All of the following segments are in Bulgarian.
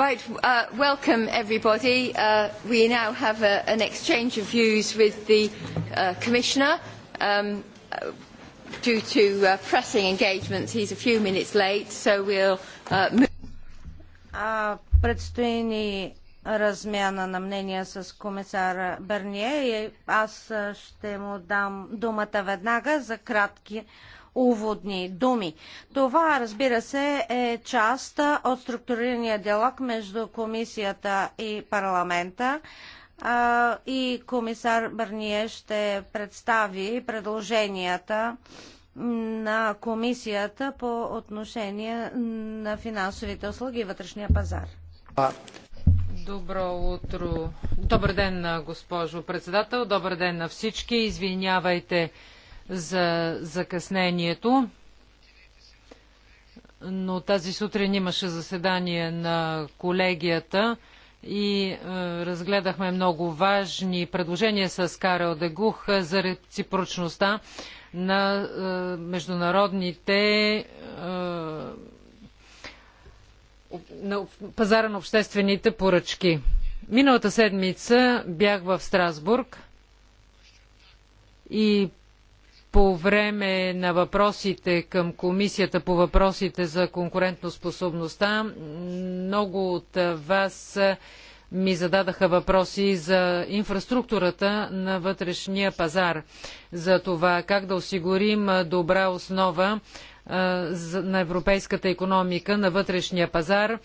Right, uh, welcome everybody. Uh, we now have a, an exchange of views with the uh, Commissioner. Um, due to uh, pressing engagements, he's a few minutes late, so we'll uh, move. Uh, предстои ни размяна на мнения с комисар Берние и аз ще му дам думата веднага за кратки уводни думи. Това, разбира се, е част от структурирания диалог между комисията и парламента и комисар Бърние ще представи предложенията на комисията по отношение на финансовите услуги и вътрешния пазар. Добро утро. Добър ден, госпожо председател. Добър ден на всички. Извинявайте за закъснението, но тази сутрин имаше заседание на колегията и е, разгледахме много важни предложения с Карел Дегух за реципрочността на е, международните е, на пазара на обществените поръчки. Миналата седмица бях в Страсбург и по време на въпросите към Комисията по въпросите за конкурентоспособността. Много от вас ми зададаха въпроси за инфраструктурата на вътрешния пазар, за това как да осигурим добра основа на европейската економика, на вътрешния пазар.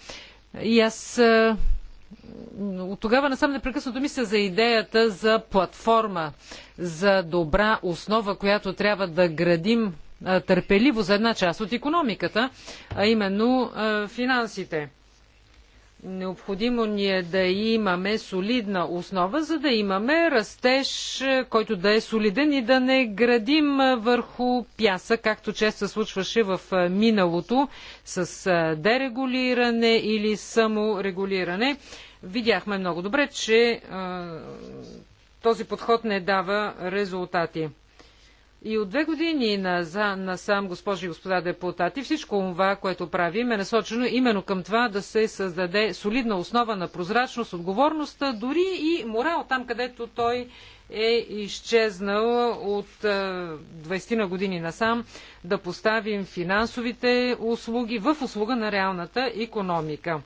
И аз от тогава насам непрекъснато мисля за идеята за платформа, за добра основа, която трябва да градим търпеливо за една част от економиката, а именно финансите. Необходимо ни е да имаме солидна основа, за да имаме растеж, е, който да е солиден и да не градим е, върху пяса, както често случваше в е, миналото с дерегулиране или саморегулиране. Видяхме много добре, че този подход не дава резултати. И от две години на сам, госпожи и господа депутати, всичко това, което правим е насочено именно към това да се създаде солидна основа на прозрачност, отговорност, дори и морал там, където той е изчезнал от 20 е, на години насам да поставим финансовите услуги в услуга на реалната економика.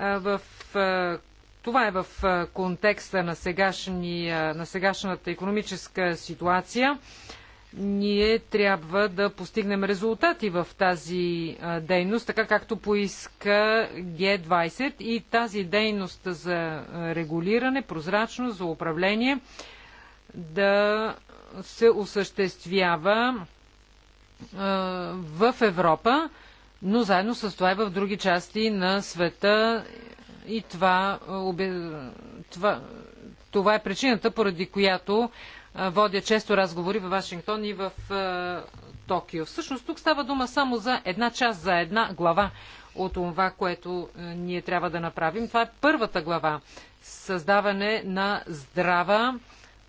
Е, в е, това е в контекста на, на сегашната економическа ситуация ние трябва да постигнем резултати в тази дейност, така както поиска Г20 и тази дейност за регулиране, прозрачност, за управление да се осъществява в Европа, но заедно с това и в други части на света и това, това, това е причината, поради която водя често разговори в Вашингтон и в Токио. Всъщност тук става дума само за една част, за една глава от това, което ние трябва да направим. Това е първата глава. Създаване на здрава,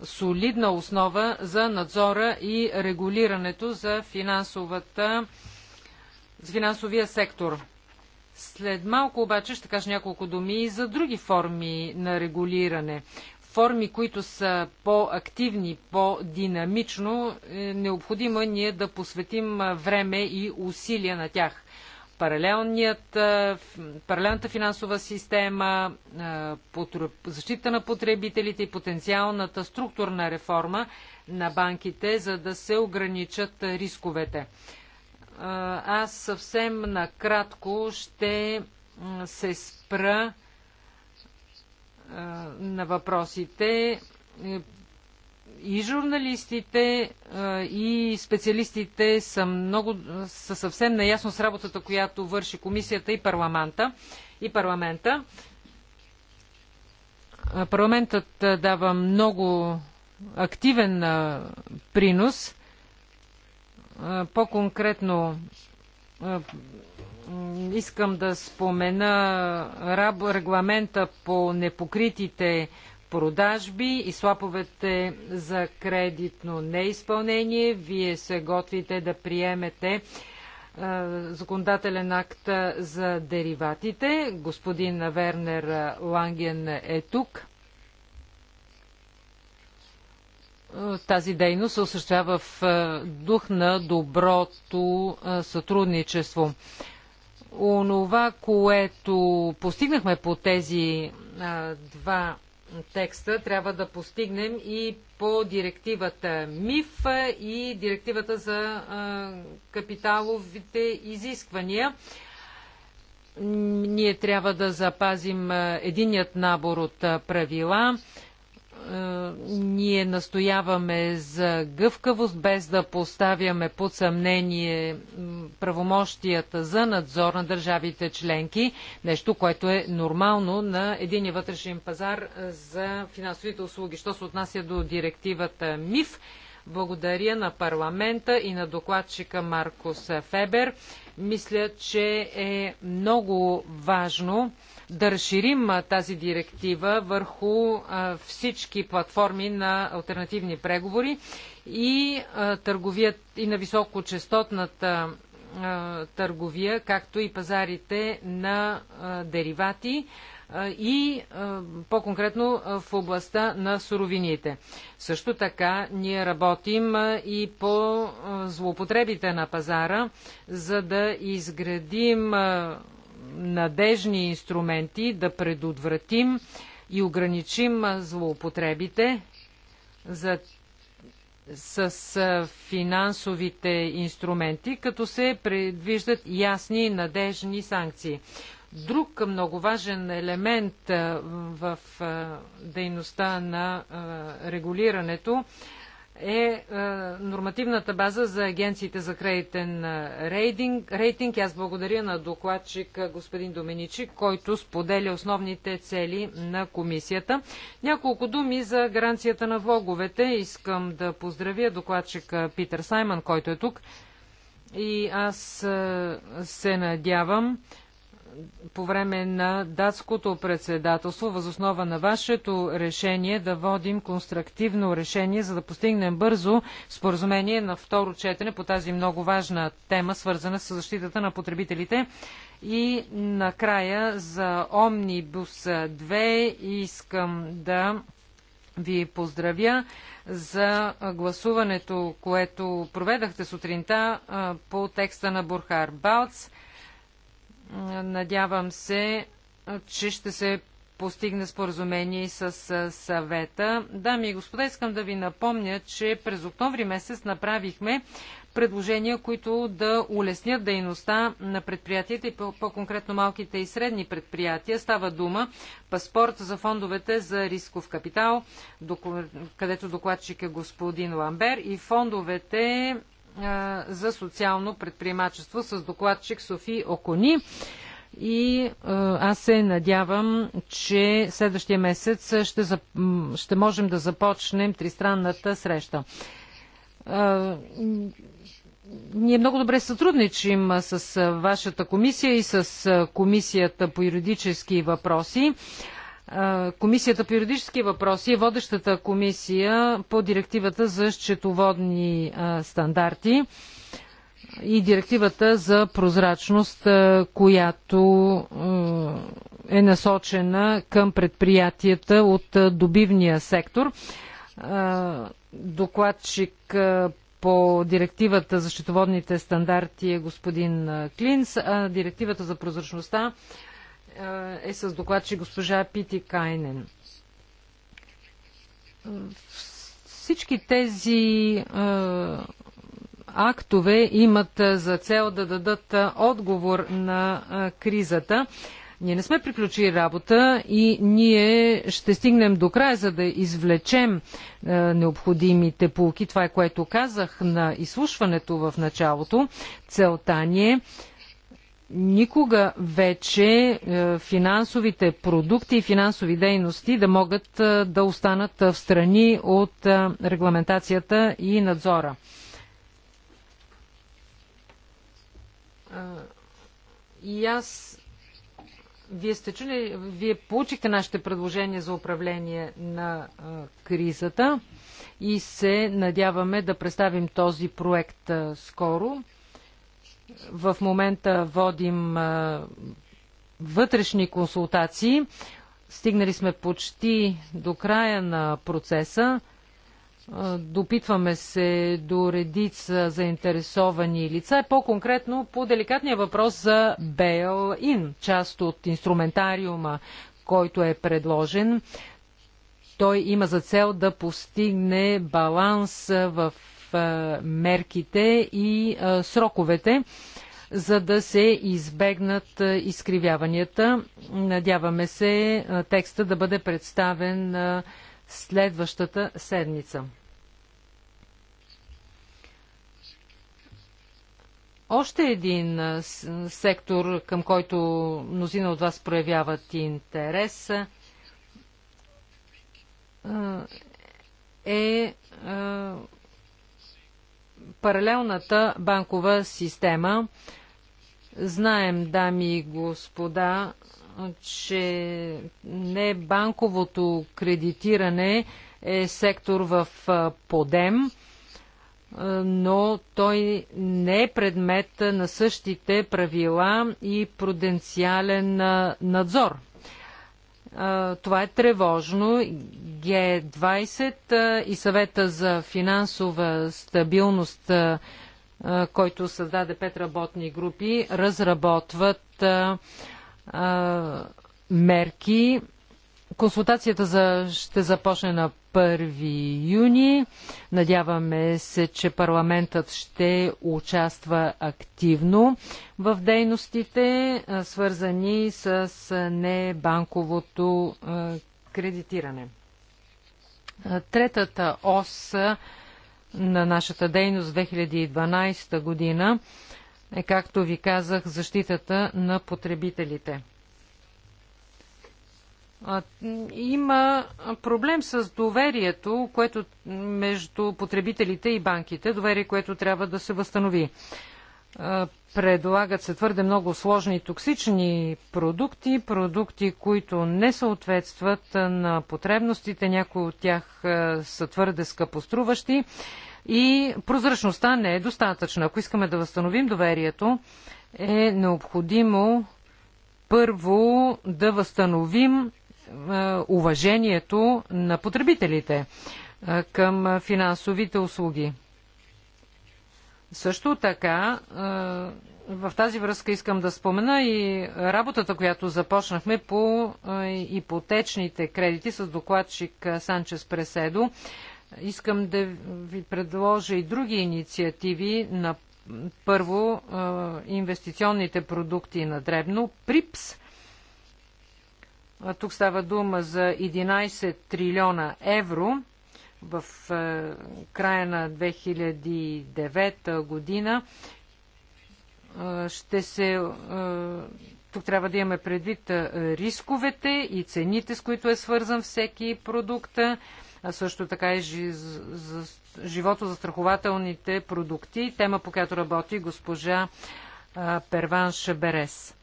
солидна основа за надзора и регулирането за финансовата финансовия сектор. След малко обаче ще кажа няколко думи и за други форми на регулиране форми, които са по-активни, по-динамично, е необходимо е ние да посветим време и усилия на тях. паралелната финансова система, защита на потребителите и потенциалната структурна реформа на банките, за да се ограничат рисковете. Аз съвсем накратко ще се спра на въпросите е, и журналистите, е, и специалистите са, много, са съвсем наясно с работата, която върши комисията и парламента. И парламента. Е, парламентът дава много активен принос. По-конкретно Искам да спомена регламента по непокритите продажби и слаповете за кредитно неизпълнение. Вие се готвите да приемете е, законодателен акт за дериватите. Господин Вернер Ланген е тук. Тази дейност се осъществява в е, дух на доброто е, сътрудничество онова, което постигнахме по тези а, два текста, трябва да постигнем и по директивата МИФ и директивата за а, капиталовите изисквания. Ние трябва да запазим единият набор от правила е, ние настояваме за гъвкавост, без да поставяме под съмнение правомощията за надзор на държавите членки, нещо, което е нормално на един вътрешен пазар е, за финансовите услуги. Що се отнася до директивата МИФ, благодаря на парламента и на докладчика Маркус Фебер. Мисля, че е много важно да разширим тази директива върху всички платформи на альтернативни преговори и търговият и на високочастотната търговия, както и пазарите на деривати и по-конкретно в областта на суровините. Също така ние работим и по злоупотребите на пазара, за да изградим надежни инструменти да предотвратим и ограничим злоупотребите за, с финансовите инструменти, като се предвиждат ясни и надежни санкции. Друг много важен елемент в дейността на регулирането е, е нормативната база за агенциите за кредитен е, рейтинг. рейтинг. Аз благодаря на докладчик е, господин Доменичи, който споделя основните цели на комисията. Няколко думи за гаранцията на влоговете. Искам да поздравя докладчик Питър Саймън, който е тук. И аз се надявам, по време на датското председателство, възоснова на вашето решение да водим конструктивно решение, за да постигнем бързо споразумение на второ четене по тази много важна тема, свързана с защитата на потребителите. И накрая за Омнибус 2 искам да ви поздравя за гласуването, което проведахте сутринта по текста на Бурхар Балц. Надявам се, че ще се постигне споразумение с съвета. Дами и господа, искам да ви напомня, че през октомври месец направихме предложения, които да улеснят дейността на предприятията и по-конкретно малките и средни предприятия. Става дума паспорт за фондовете за рисков капитал, където докладчик е господин Ламбер и фондовете за социално предприемачество с докладчик Софи Окони. И аз се надявам, че следващия месец ще, зап... ще можем да започнем тристранната среща. Ние много добре сътрудничим с вашата комисия и с комисията по юридически въпроси. Комисията по юридически въпроси е водещата комисия по директивата за счетоводни стандарти и директивата за прозрачност, която е насочена към предприятията от добивния сектор. Докладчик по директивата за счетоводните стандарти е господин Клинс, а директивата за прозрачността е с докладчик госпожа Пити Кайнен. Всички тези е, актове имат за цел да дадат отговор на е, кризата. Ние не сме приключили работа и ние ще стигнем до края, за да извлечем е, необходимите полки. Това е което казах на изслушването в началото. Целта ни е никога вече е, финансовите продукти и финансови дейности да могат е, да останат е, в страни от регламентацията и надзора. И аз вие сте чули, вие получихте нашите предложения за управление на кризата и се надяваме да представим този проект скоро. В момента водим вътрешни консултации. Стигнали сме почти до края на процеса. Допитваме се до редица заинтересовани лица, по-конкретно по деликатния въпрос за Bail-in, част от инструментариума, който е предложен. Той има за цел да постигне баланс в мерките и сроковете, за да се избегнат изкривяванията. Надяваме се текста да бъде представен следващата седмица. Още един сектор, към който мнозина от вас проявяват интерес, е паралелната банкова система. Знаем, дами и господа, че не банковото кредитиране е сектор в подем, но той не е предмет на същите правила и пруденциален надзор това е тревожно. Г20 и съвета за финансова стабилност, който създаде пет работни групи, разработват мерки. Консултацията за... ще започне на 1 юни. Надяваме се, че парламентът ще участва активно в дейностите, свързани с небанковото кредитиране. Третата ос на нашата дейност 2012 година е, както ви казах, защитата на потребителите. Има проблем с доверието, което между потребителите и банките, доверие, което трябва да се възстанови. Предлагат се твърде много сложни и токсични продукти, продукти, които не съответстват на потребностите, някои от тях са твърде скъпоструващи и прозрачността не е достатъчна. Ако искаме да възстановим доверието, е необходимо първо да възстановим е, уважението на потребителите е, към финансовите услуги. Също така, е, в тази връзка искам да спомена и работата, която започнахме по ипотечните кредити с докладчик Санчес Преседо. Искам да ви предложа и други инициативи на първо инвестиционните продукти на дребно, ПРИПС, тук става дума за 11 трилиона евро в е, края на 2009 година. Е, ще се. Е, тук трябва да имаме предвид рисковете и цените, с които е свързан всеки продукт, а също така и животозастрахователните продукти, тема по която работи госпожа Перван Шаберес.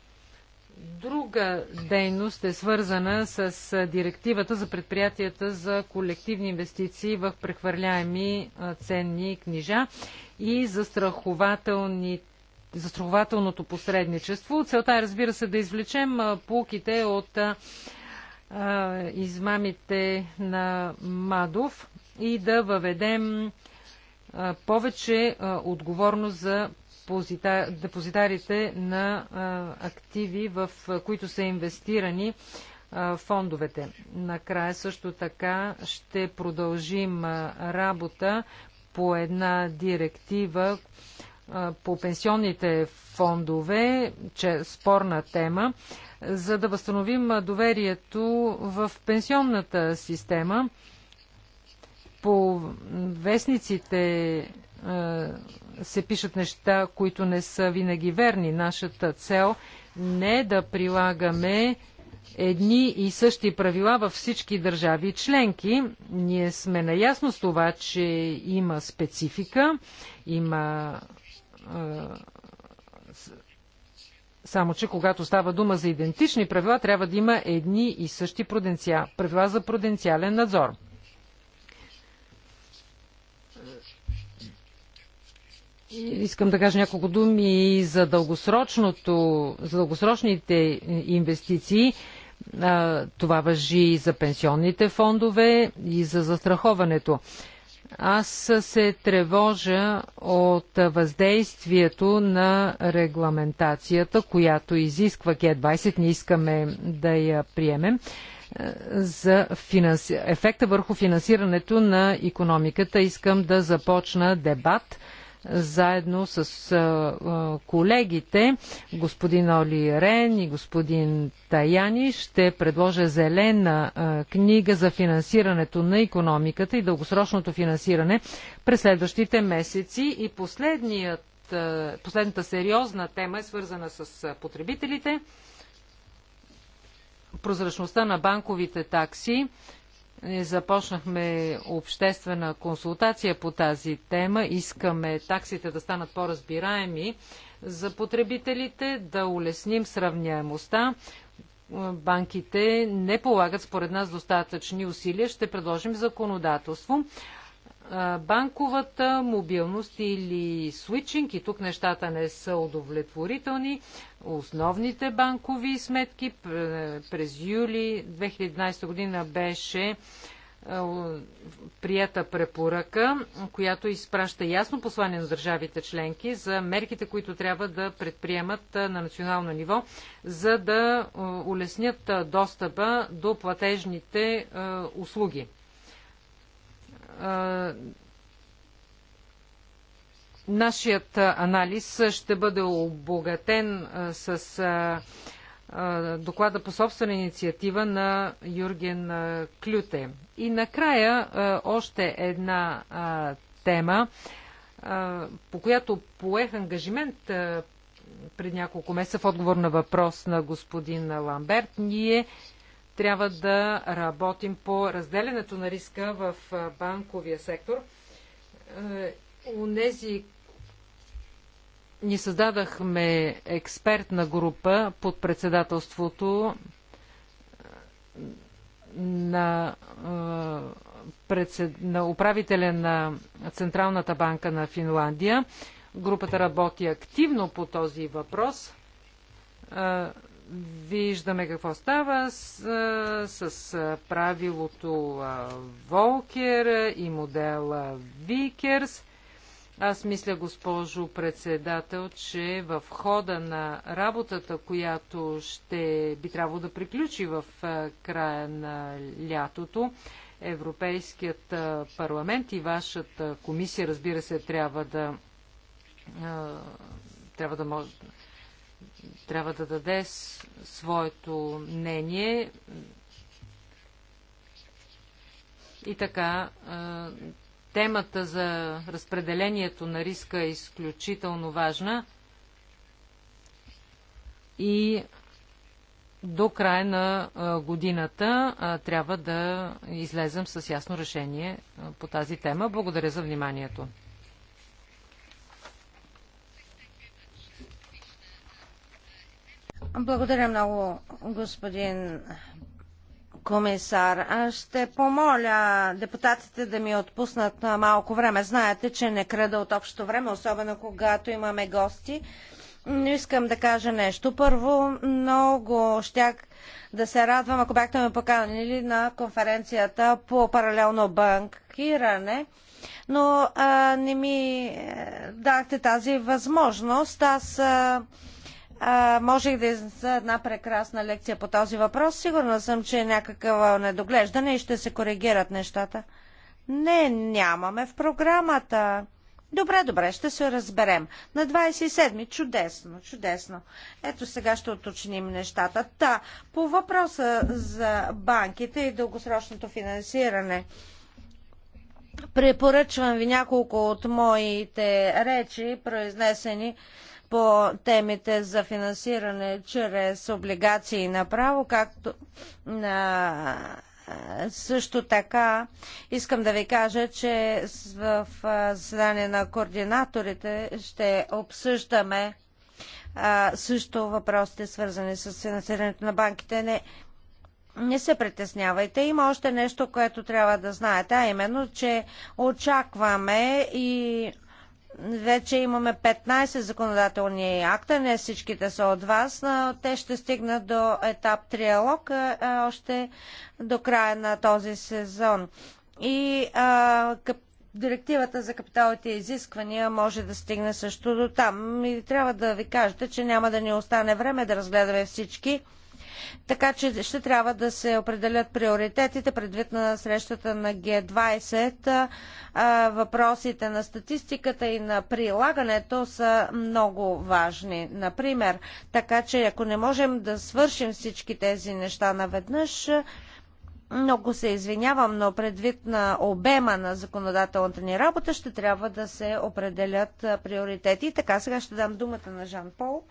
Друга дейност е свързана с директивата за предприятията за колективни инвестиции в прехвърляеми ценни книжа и застрахователни застрахователното посредничество. Целта е, разбира се, да извлечем пулките от а, измамите на Мадов и да въведем повече а, отговорност за депозита, депозитарите на а, активи, в които са инвестирани а, фондовете. Накрая също така ще продължим а, работа по една директива по пенсионните фондове, че е спорна тема, за да възстановим доверието в пенсионната система. По вестниците се пишат неща, които не са винаги верни. Нашата цел не е да прилагаме едни и същи правила във всички държави членки. Ние сме наясно с това, че има специфика, има само, че когато става дума за идентични правила, трябва да има едни и същи правила за пруденциален надзор. Искам да кажа няколко думи и за, дългосрочното, за дългосрочните инвестиции. Това въжи и за пенсионните фондове, и за застраховането. Аз се тревожа от въздействието на регламентацията, която изисква Г20. Не искаме да я приемем за финанси... ефекта върху финансирането на економиката. Искам да започна дебат заедно с колегите, господин Оли Рен и господин Таяни, ще предложа зелена книга за финансирането на економиката и дългосрочното финансиране през следващите месеци. И последният, последната сериозна тема е свързана с потребителите прозрачността на банковите такси Започнахме обществена консултация по тази тема. Искаме таксите да станат по-разбираеми за потребителите, да улесним сравняемостта. Банките не полагат според нас достатъчни усилия. Ще предложим законодателство банковата мобилност или свичинг, и тук нещата не са удовлетворителни, основните банкови сметки е, през юли 2011 година беше е, прията препоръка, която изпраща ясно послание на държавите членки за мерките, които трябва да предприемат е, на национално ниво, за да улеснят достъпа до платежните услуги нашият анализ ще бъде обогатен с доклада по собствена инициатива на Юрген Клюте. И накрая още една тема, по която поех ангажимент пред няколко месеца в отговор на въпрос на господин Ламберт. Ние трябва да работим по разделянето на риска в банковия сектор. Е, унези ни създадахме експертна група под председателството е, на, е, на управителя на Централната банка на Финландия. Групата работи активно по този въпрос. Виждаме какво става с, с правилото Волкер и модела Викерс. Аз мисля, госпожо председател, че в хода на работата, която ще би трябвало да приключи в края на лятото, Европейският парламент и вашата комисия, разбира се, трябва да трябва да може трябва да даде своето мнение и така темата за разпределението на риска е изключително важна и до края на годината трябва да излезем с ясно решение по тази тема. Благодаря за вниманието. Благодаря много, господин комисар. ще помоля депутатите да ми отпуснат малко време. Знаете, че не крада от общото време, особено когато имаме гости. Но искам да кажа нещо. Първо, много щях да се радвам, ако бяхте ме поканили на конференцията по паралелно банкиране, но а, не ми е, дахте тази възможност. Аз а, а, можех да изнеса е една прекрасна лекция по този въпрос. Сигурна съм, че е някакъв недоглеждане и ще се коригират нещата. Не, нямаме в програмата. Добре, добре, ще се разберем. На 27-ми, чудесно, чудесно. Ето сега ще уточним нещата. Та, по въпроса за банките и дългосрочното финансиране. Препоръчвам ви няколко от моите речи, произнесени по темите за финансиране чрез облигации на право, както на също така искам да ви кажа, че в заседание на координаторите ще обсъждаме също въпросите свързани с финансирането на банките. Не, не се притеснявайте. Има още нещо, което трябва да знаете, а именно, че очакваме и вече имаме 15 законодателни акта, не всичките са от вас, но те ще стигнат до етап триалог още до края на този сезон. И а, къп, директивата за капиталните изисквания може да стигне също до там. И трябва да ви кажете, че няма да ни остане време да разгледаме всички така че ще трябва да се определят приоритетите предвид на срещата на Г20. Въпросите на статистиката и на прилагането са много важни, например. Така че ако не можем да свършим всички тези неща наведнъж, много се извинявам, но предвид на обема на законодателната ни работа ще трябва да се определят приоритети. така, сега ще дам думата на Жан Пол.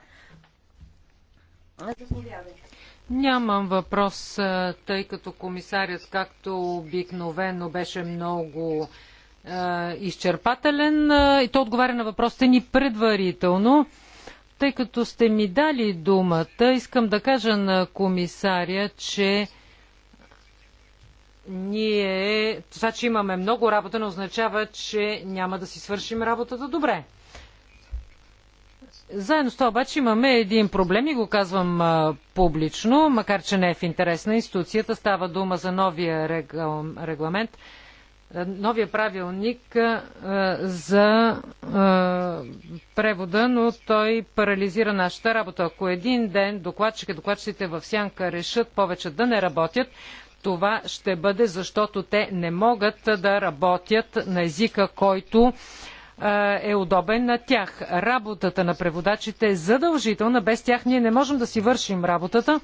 Заповядайте. Нямам въпрос, тъй като комисарят, както обикновено, беше много е, изчерпателен е, и то отговаря на въпросите ни предварително. Тъй като сте ми дали думата, искам да кажа на комисаря, че ние, това, че имаме много работа, не означава, че няма да си свършим работата добре. Заедно с това обаче имаме един проблем и го казвам а, публично, макар че не е в интерес на институцията. Става дума за новия регъл, регламент, новия правилник а, за а, превода, но той парализира нашата работа. Ако един ден докладчик докладчиците в сянка решат повече да не работят, това ще бъде защото те не могат да работят на езика, който е, е удобен на тях. Работата на преводачите е задължителна. Без тях ние не можем да си вършим работата.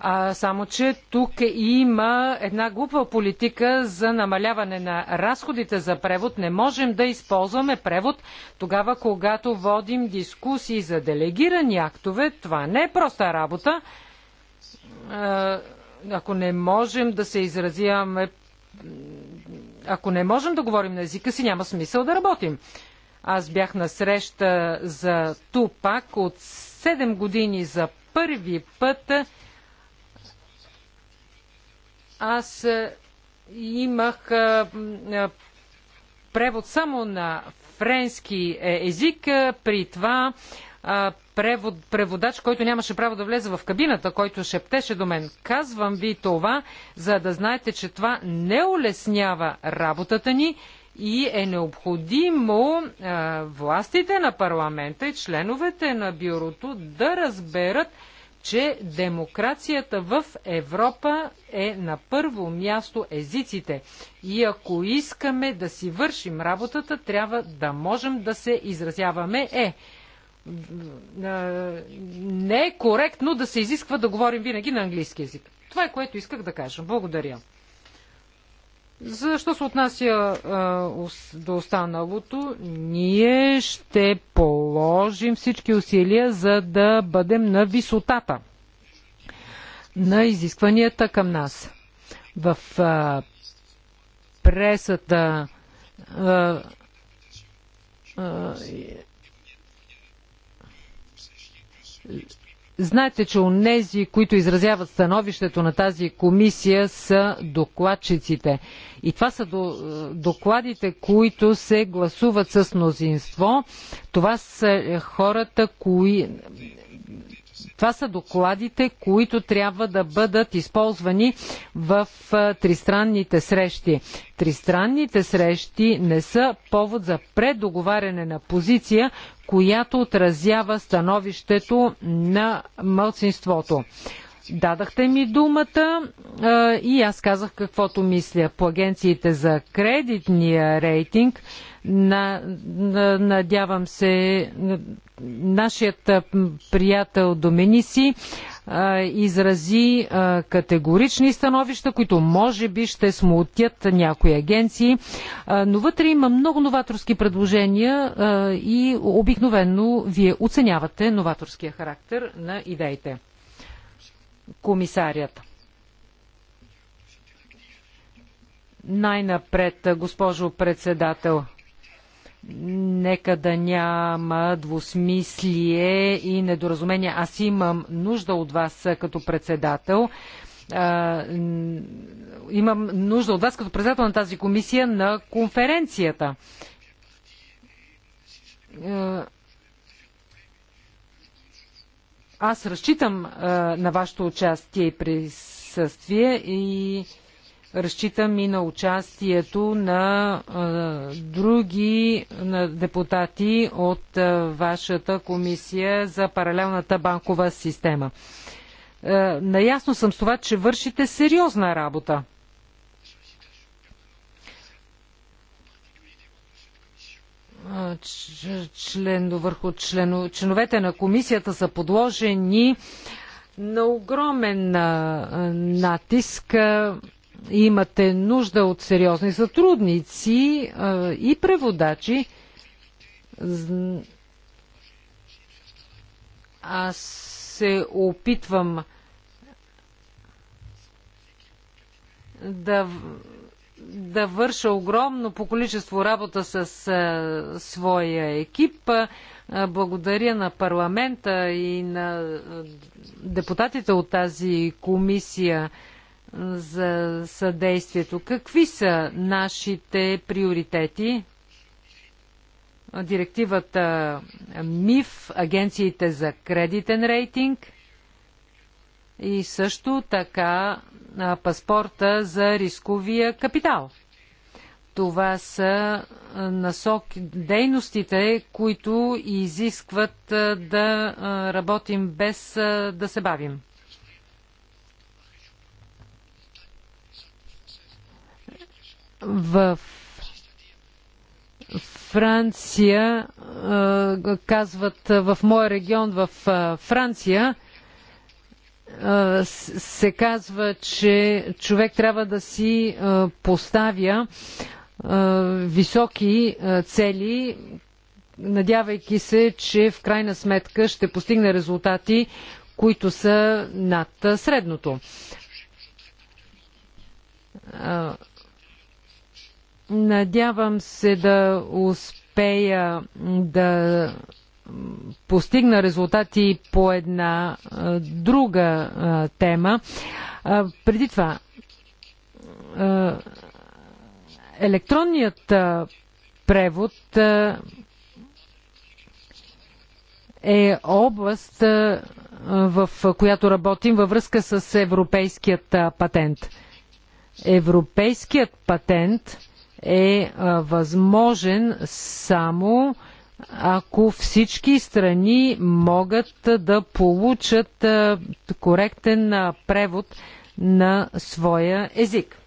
А, само, че тук има една глупа политика за намаляване на разходите за превод. Не можем да използваме превод тогава, когато водим дискусии за делегирани актове. Това не е проста работа. А, ако не можем да се изразяваме ако не можем да говорим на езика си, няма смисъл да работим. Аз бях на среща за Тупак от 7 години за първи път. Аз е, имах е, е, превод само на френски език, при това превод, преводач, който нямаше право да влезе в кабината, който шептеше до мен. Казвам ви това, за да знаете, че това не улеснява работата ни и е необходимо а, властите на парламента и членовете на бюрото да разберат, че демокрацията в Европа е на първо място езиците. И ако искаме да си вършим работата, трябва да можем да се изразяваме. Е, не е коректно да се изисква да говорим винаги на английски язик. Това е което исках да кажа. Благодаря. Защо се отнася а, до останалото, ние ще положим всички усилия, за да бъдем на висотата на изискванията към нас. В а, пресата а, Знаете, че онези, които изразяват становището на тази комисия, са докладчиците. И това са е, докладите, които се гласуват с мнозинство. Това са е, хората, кои... Това са докладите, които трябва да бъдат използвани в тристранните срещи. Тристранните срещи не са повод за предоговаряне на позиция, която отразява становището на мълцинството. Дадахте ми думата и аз казах каквото мисля по агенциите за кредитния рейтинг. На, на, надявам се, нашият приятел Доминиси а, изрази а, категорични становища, които може би ще смутят някои агенции, а, но вътре има много новаторски предложения и обикновенно вие оценявате новаторския характер на идеите. Комисарията. Най-напред, госпожо председател нека да няма двусмислие и недоразумение. Аз имам нужда от вас като председател. А, имам нужда от вас като председател на тази комисия на конференцията. Аз разчитам а, на вашето участие и присъствие и Разчитам и на участието на а, други на депутати от а, вашата комисия за паралелната банкова система. А, наясно съм с това, че вършите сериозна работа. член, върху член, членовете на комисията са подложени на огромен натиск имате нужда от сериозни сътрудници а, и преводачи. Аз се опитвам да, да върша огромно по количество работа с а, своя екип. А, благодаря на парламента и на депутатите от тази комисия за съдействието. Какви са нашите приоритети? Директивата МИФ, агенциите за кредитен рейтинг и също така паспорта за рисковия капитал. Това са насок дейностите, които изискват да работим без да се бавим. В Франция, казват в моя регион в Франция, се казва, че човек трябва да си поставя високи цели, надявайки се, че в крайна сметка ще постигне резултати, които са над средното Надявам се да успея да постигна резултати по една друга тема. Преди това, електронният превод е област, в която работим във връзка с европейският патент. Европейският патент е възможен само ако всички страни могат да получат коректен превод на своя език.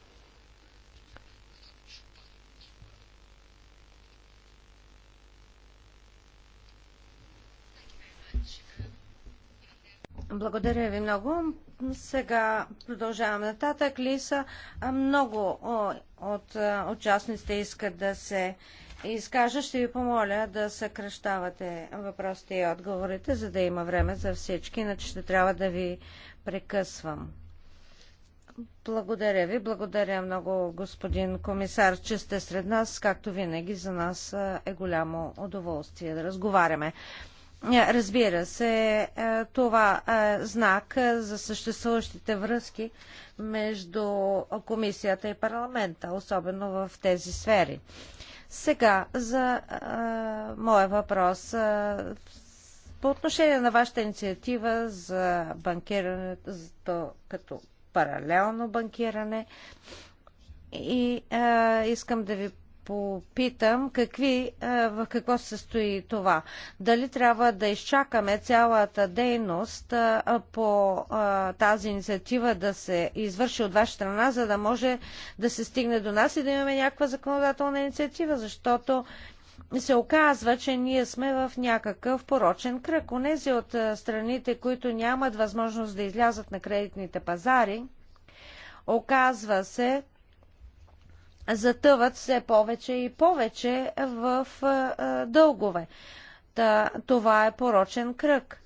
Благодаря ви много. Сега продължаваме нататък. Лиса, много от участниците искат да се изкажа. Ще ви помоля да съкръщавате въпросите и отговорите, за да има време за всички, иначе ще трябва да ви прекъсвам. Благодаря ви. Благодаря много, господин комисар, че сте сред нас. Както винаги, за нас е голямо удоволствие да разговаряме. Е, разбира се, е, това е знак е, за съществуващите връзки между комисията и парламента, особено в тези сфери. Сега за а, моя въпрос. А, по отношение на вашата инициатива за банкирането за то, като паралелно банкиране и а, искам да ви попитам какви, в какво се състои това. Дали трябва да изчакаме цялата дейност по тази инициатива да се извърши от ваша страна, за да може да се стигне до нас и да имаме някаква законодателна инициатива, защото се оказва, че ние сме в някакъв порочен кръг. Онези от страните, които нямат възможност да излязат на кредитните пазари, оказва се, затъват все повече и повече в дългове. Та, това е порочен кръг.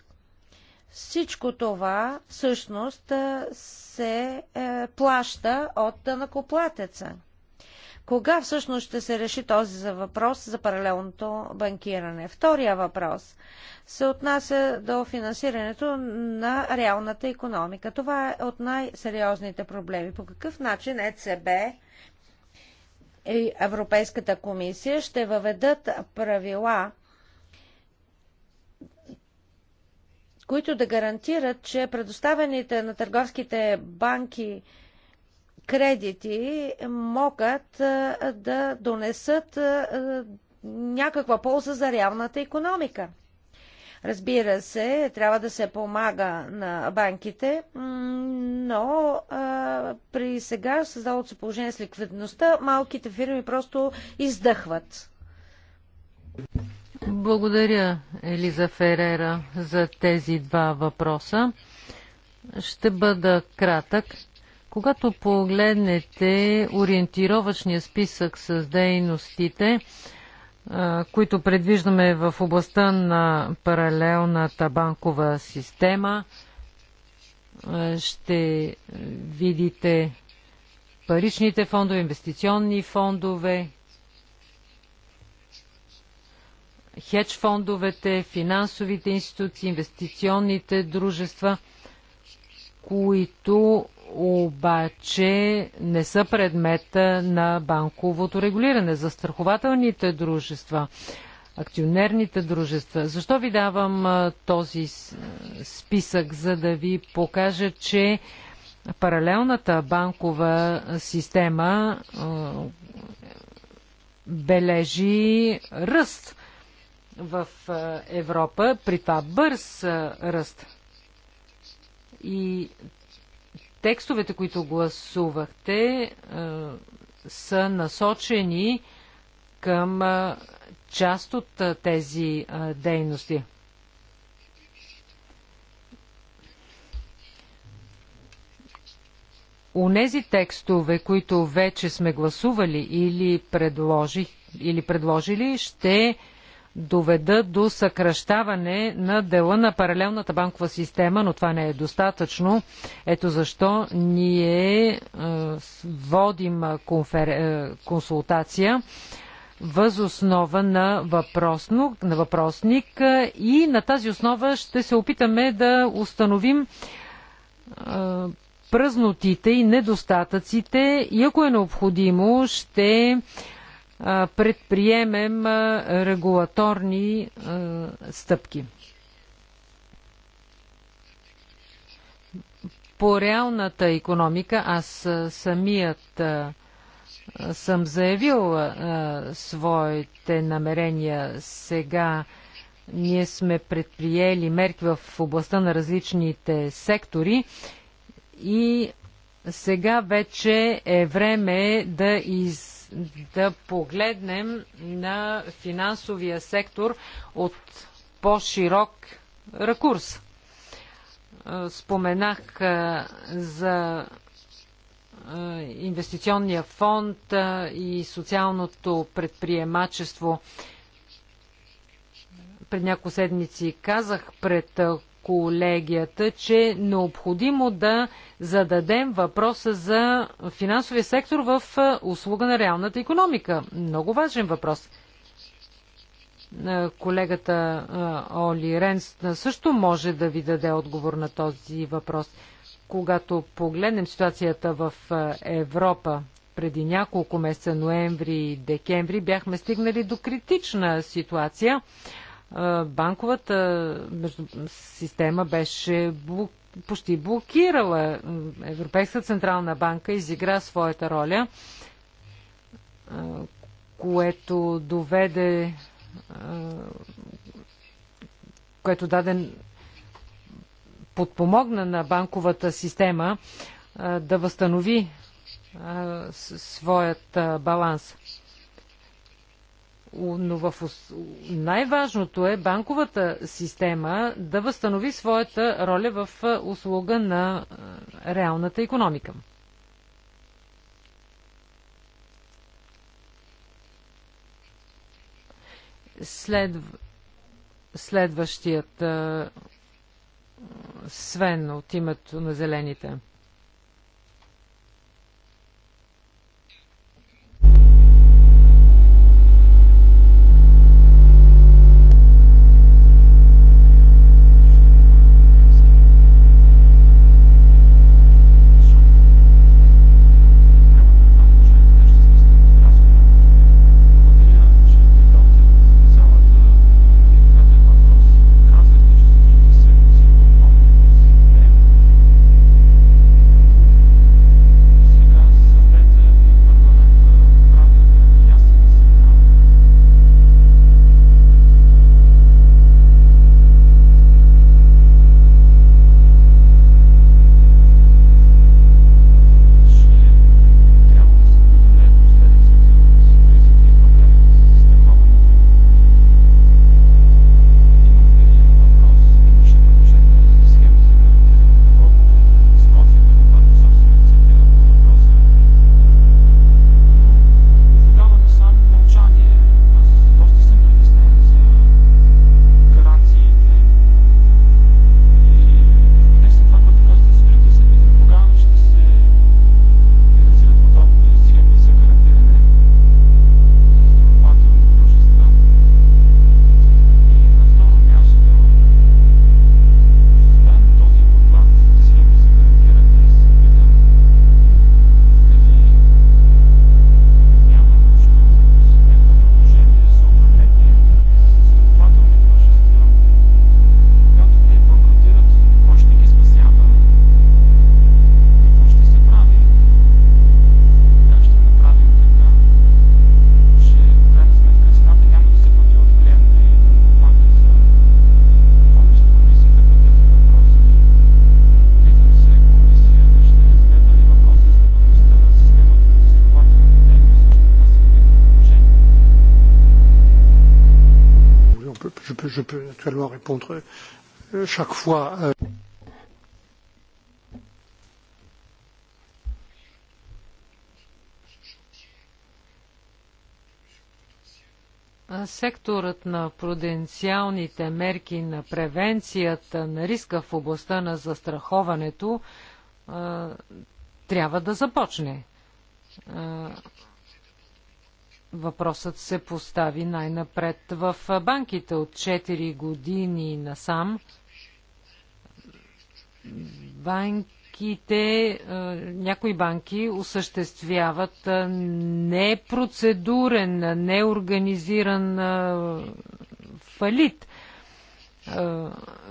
Всичко това всъщност се е, плаща от накоплатеца. Кога всъщност ще се реши този за въпрос за паралелното банкиране? Втория въпрос се отнася до финансирането на реалната економика. Това е от най-сериозните проблеми. По какъв начин ЕЦБ и Европейската комисия ще въведат правила, които да гарантират, че предоставените на търговските банки кредити могат да донесат някаква полза за реалната економика. Разбира се, трябва да се помага на банките, но а, при сега създалото се положение с ликвидността, малките фирми просто издъхват. Благодаря, Елиза Ферера, за тези два въпроса. Ще бъда кратък. Когато погледнете ориентировъчния списък с дейностите, които предвиждаме в областта на паралелната банкова система. Ще видите паричните фондове, инвестиционни фондове, хедж фондовете, финансовите институции, инвестиционните дружества, които обаче не са предмета на банковото регулиране. Застрахователните дружества, акционерните дружества. Защо ви давам този списък, за да ви покажа, че паралелната банкова система бележи ръст в Европа, при това бърз ръст. И текстовете, които гласувахте, е, са насочени към е, част от е, тези дейности. Унези текстове, които вече сме гласували или, или предложили, ще доведа до съкръщаване на дела на паралелната банкова система, но това не е достатъчно. Ето защо ние е, водим конфер... Е, консултация въз основа на, въпросно, на въпросник е, и на тази основа ще се опитаме да установим пръзнотите и недостатъците и ако е необходимо ще предприемем регулаторни стъпки. По реалната економика аз самият съм заявил своите намерения сега. Ние сме предприели мерки в областта на различните сектори и сега вече е време да из да погледнем на финансовия сектор от по-широк ракурс. Споменах за инвестиционния фонд и социалното предприемачество. Пред няколко седмици казах пред колегията, че е необходимо да зададем въпроса за финансовия сектор в е, услуга на реалната економика. Много важен въпрос. Е, колегата е, Оли Ренс също може да ви даде отговор на този въпрос. Когато погледнем ситуацията в Европа преди няколко месеца, ноември и декември, бяхме стигнали до критична ситуация банковата система беше почти блокирала. Европейска централна банка изигра своята роля, което доведе което даде подпомогна на банковата система да възстанови своят баланс но в... най-важното е банковата система да възстанови своята роля в услуга на реалната економика. След... Следващият Свен от името на зелените. répondre euh, chaque fois. Euh, секторът на пруденциалните мерки на превенцията на риска в областта на застраховането трябва да започне въпросът се постави най-напред в банките от 4 години насам. Банките, някои банки осъществяват непроцедурен, неорганизиран фалит.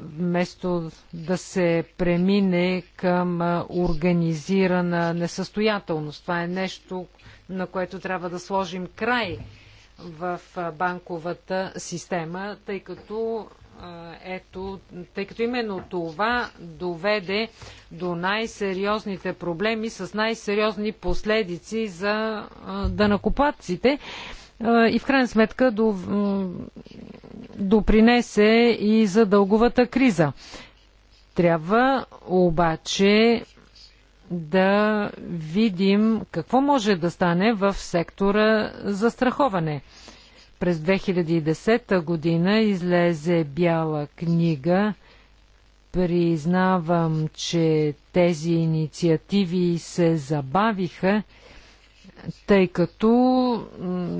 Вместо да се премине към организирана несъстоятелност. Това е нещо, на което трябва да сложим край в банковата система, тъй като, ето, тъй като именно това доведе до най-сериозните проблеми с най-сериозни последици за данакоплатците и в крайна сметка допринесе и за дълговата криза. Трябва обаче да видим какво може да стане в сектора за страховане. През 2010 година излезе бяла книга. Признавам, че тези инициативи се забавиха, тъй като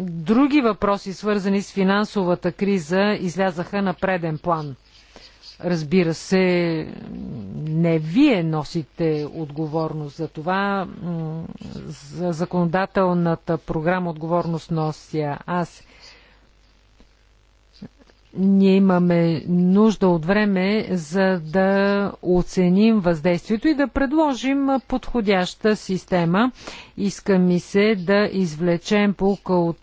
други въпроси, свързани с финансовата криза, излязаха на преден план. Разбира се, не вие носите отговорност за това. За законодателната програма отговорност нося аз. Ние имаме нужда от време, за да оценим въздействието и да предложим подходяща система. Иска ми се да извлечем полка от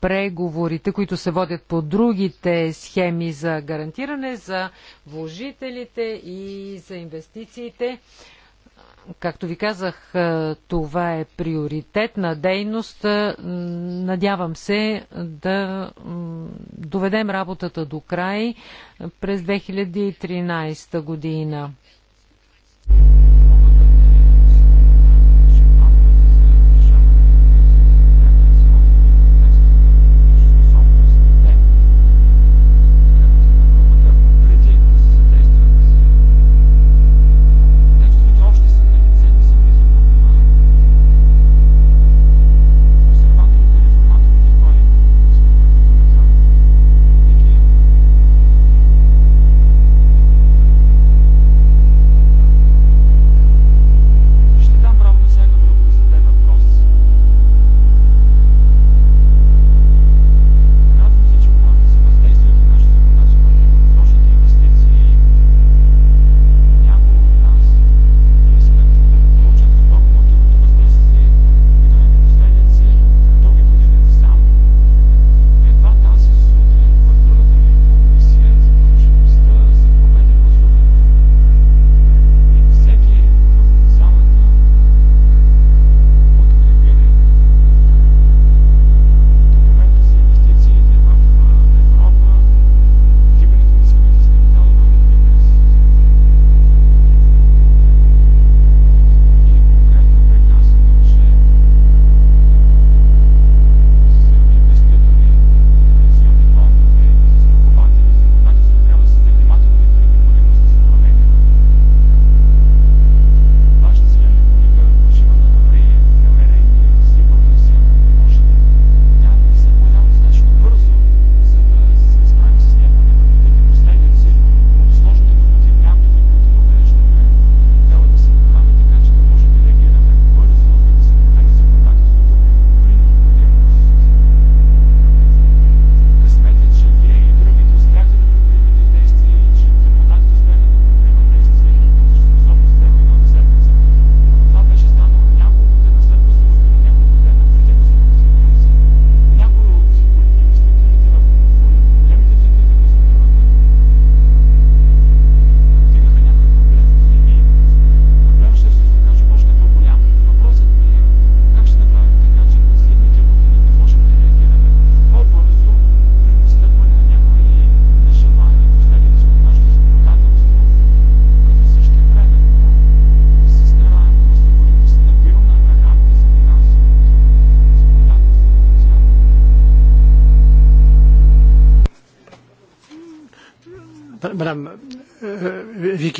преговорите, които се водят по другите схеми за гарантиране за вложителите и за инвестициите. Както ви казах, е, това е приоритетна дейност. Е, надявам се да доведем работата до край през 2013 година.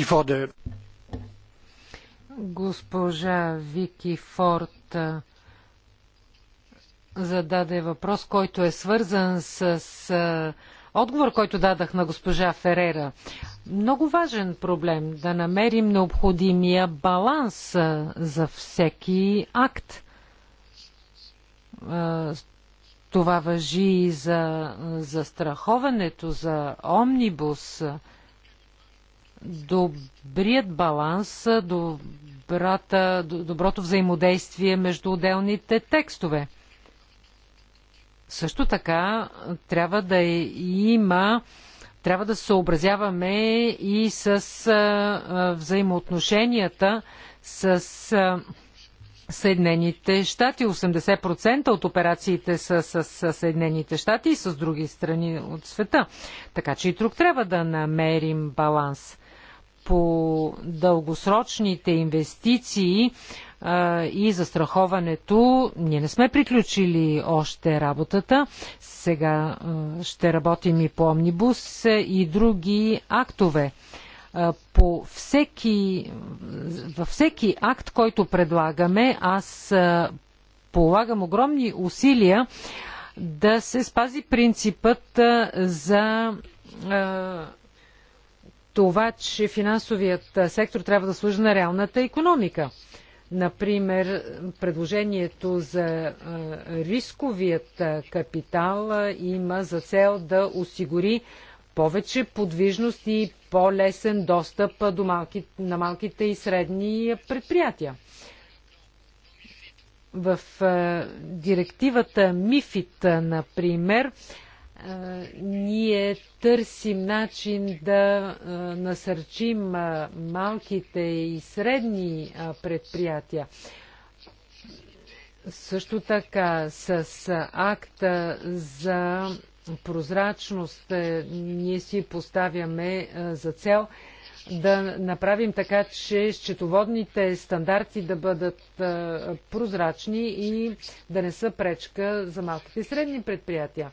Вики Форд. Госпожа Вики Форд зададе въпрос, който е свързан с отговор, който дадах на госпожа Ферера. Много важен проблем да намерим необходимия баланс за всеки акт. Това въжи и за застраховането, за омнибус, добрият баланс, добрата, доброто взаимодействие между отделните текстове. Също така трябва да има трябва да се съобразяваме и с а, взаимоотношенията с а, Съединените щати. 80% от операциите са с, с Съединените щати и с други страни от света. Така че и тук трябва да намерим баланс по дългосрочните инвестиции и застраховането, ние не сме приключили още работата. Сега ще работим и по Омнибус и други актове. по всеки, във всеки акт, който предлагаме, аз полагам огромни усилия да се спази принципът за това, че финансовият сектор трябва да служи на реалната економика. Например, предложението за рисковият капитал има за цел да осигури повече подвижност и по-лесен достъп до малки, на малките и средни предприятия. В директивата МИФИТ, например, ние търсим начин да насърчим малките и средни предприятия. Също така с акта за прозрачност е, ние си поставяме за цел да направим така, че счетоводните стандарти да бъдат прозрачни и да не са пречка за малките и средни предприятия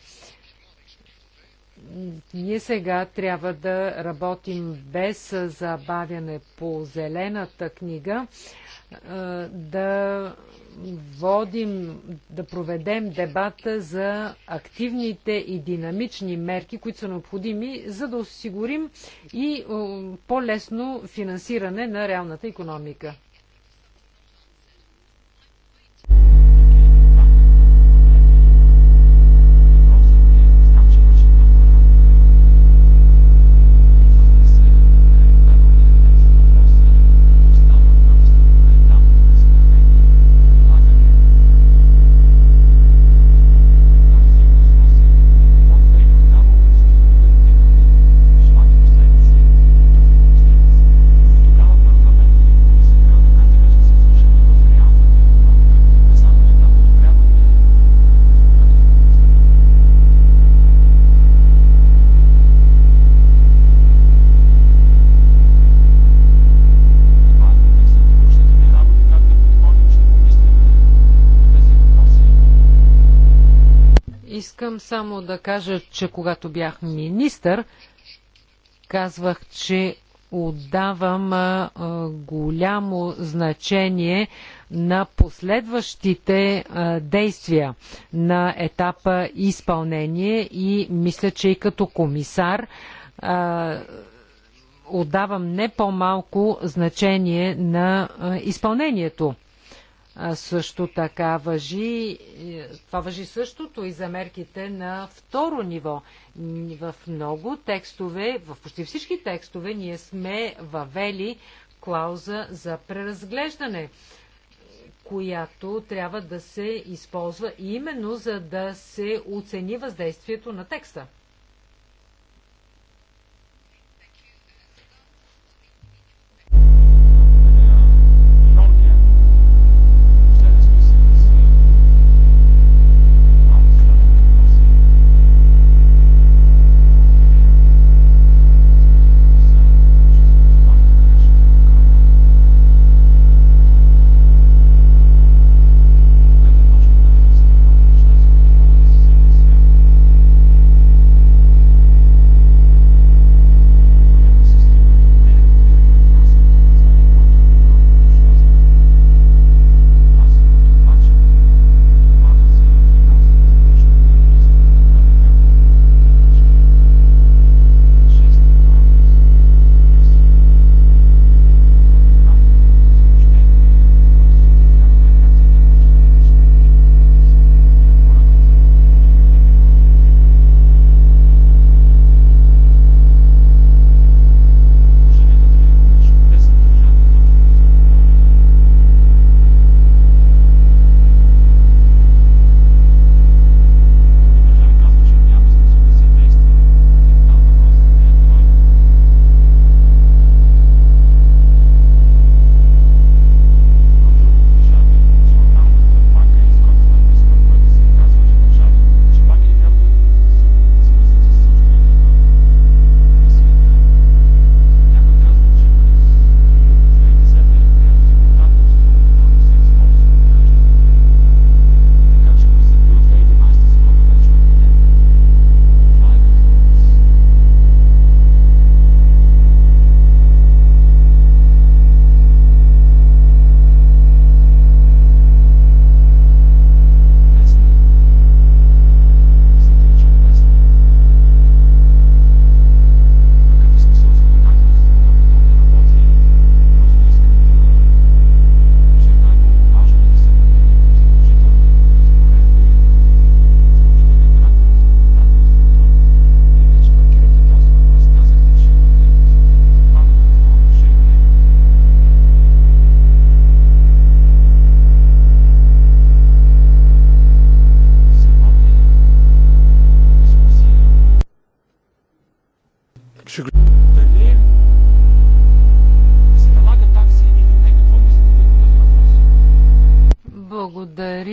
ние сега трябва да работим без забавяне по зелената книга, да водим, да проведем дебата за активните и динамични мерки, които са необходими, за да осигурим и по-лесно финансиране на реалната економика. само да кажа, че когато бях министър, казвах, че отдавам а, голямо значение на последващите а, действия на етапа изпълнение и мисля, че и като комисар а, отдавам не по-малко значение на изпълнението също така въжи, е, това въжи същото и за мерките на второ ниво. В много текстове, в почти всички текстове, ние сме въвели клауза за преразглеждане, която трябва да се използва именно за да се оцени въздействието на текста.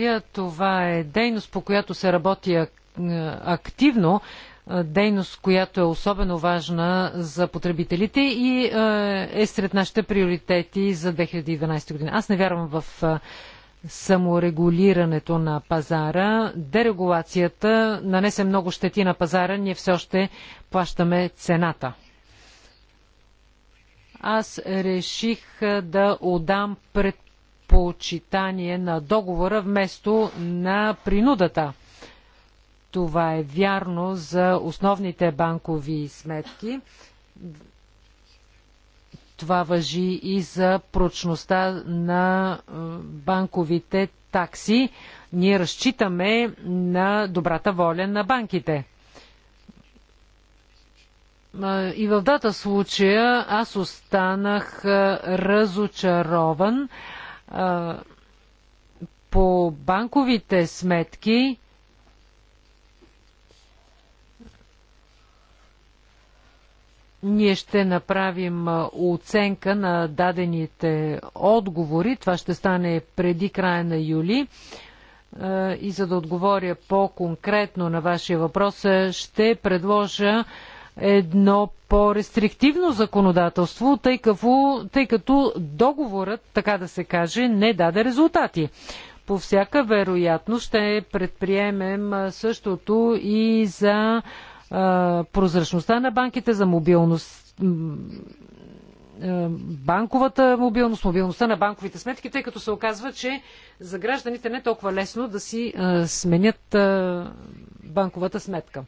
благодаря. Това е дейност, по която се работи е, активно, е, дейност, която е особено важна за потребителите и е, е сред нашите приоритети за 2012 година. Аз не вярвам в саморегулирането на пазара. Дерегулацията нанесе много щети на пазара, ние все още плащаме цената. Аз реших да отдам пред почитание на договора вместо на принудата. Това е вярно за основните банкови сметки. Това въжи и за прочността на е, банковите такси. Ние разчитаме на добрата воля на банките. Е, и в дата случая аз останах е, разочарован по банковите сметки ние ще направим оценка на дадените отговори. Това ще стане преди края на юли. И за да отговоря по-конкретно на вашия въпрос, ще предложа едно по-рестриктивно законодателство, тъй като, тъй като договорът, така да се каже, не даде резултати. По всяка вероятност ще предприемем същото и за а, прозрачността на банките, за мобилност банковата мобилност, мобилността на банковите сметки, тъй като се оказва, че за гражданите не е толкова лесно да си а, сменят а, банковата сметка.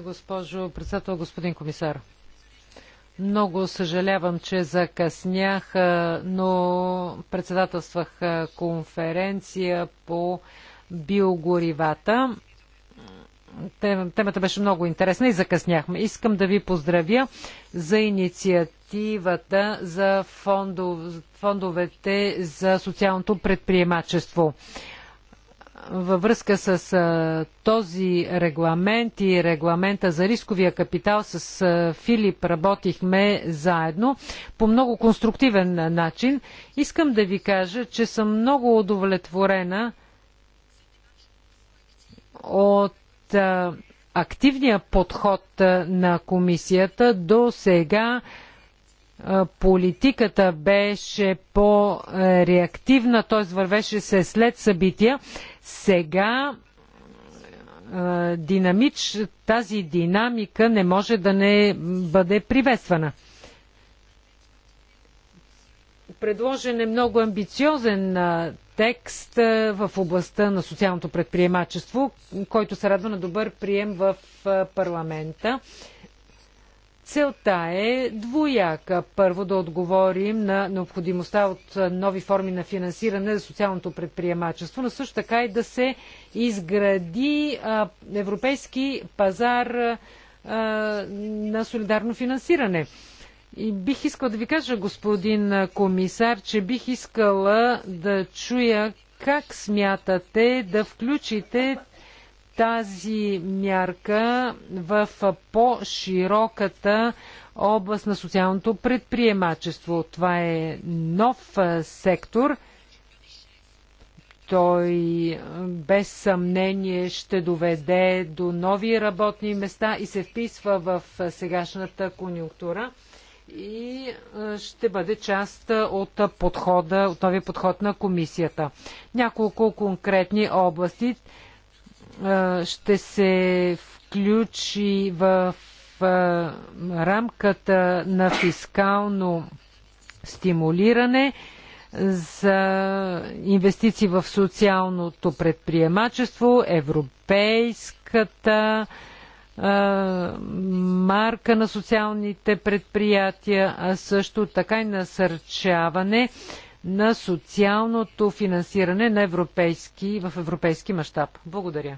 госпожо председател, господин комисар. Много съжалявам, че закъснях, но председателствах конференция по биогоривата. Темата беше много интересна и закъсняхме. Искам да ви поздравя за инициативата за фондов, фондовете за социалното предприемачество във връзка с този регламент и регламента за рисковия капитал с Филип работихме заедно по много конструктивен начин. Искам да ви кажа, че съм много удовлетворена от активния подход на комисията до сега политиката беше по-реактивна, т.е. вървеше се след събития. Сега динамич, тази динамика не може да не бъде приветствана. Предложен е много амбициозен текст в областта на социалното предприемачество, който се радва на добър прием в парламента. Целта е двояка. Първо да отговорим на необходимостта от нови форми на финансиране за социалното предприемачество, но също така и да се изгради европейски пазар на солидарно финансиране. И бих искала да ви кажа, господин комисар, че бих искала да чуя как смятате да включите тази мярка в по-широката област на социалното предприемачество. Това е нов сектор. Той без съмнение ще доведе до нови работни места и се вписва в сегашната конюнктура и ще бъде част от подхода, от новия подход на комисията. Няколко конкретни области ще се включи в рамката на фискално стимулиране за инвестиции в социалното предприемачество, европейската марка на социалните предприятия, а също така и насърчаване на социалното финансиране на европейски, в европейски мащаб. Благодаря.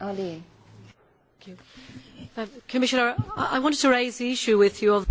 Ali. Commissioner, I wanted to raise the issue with you of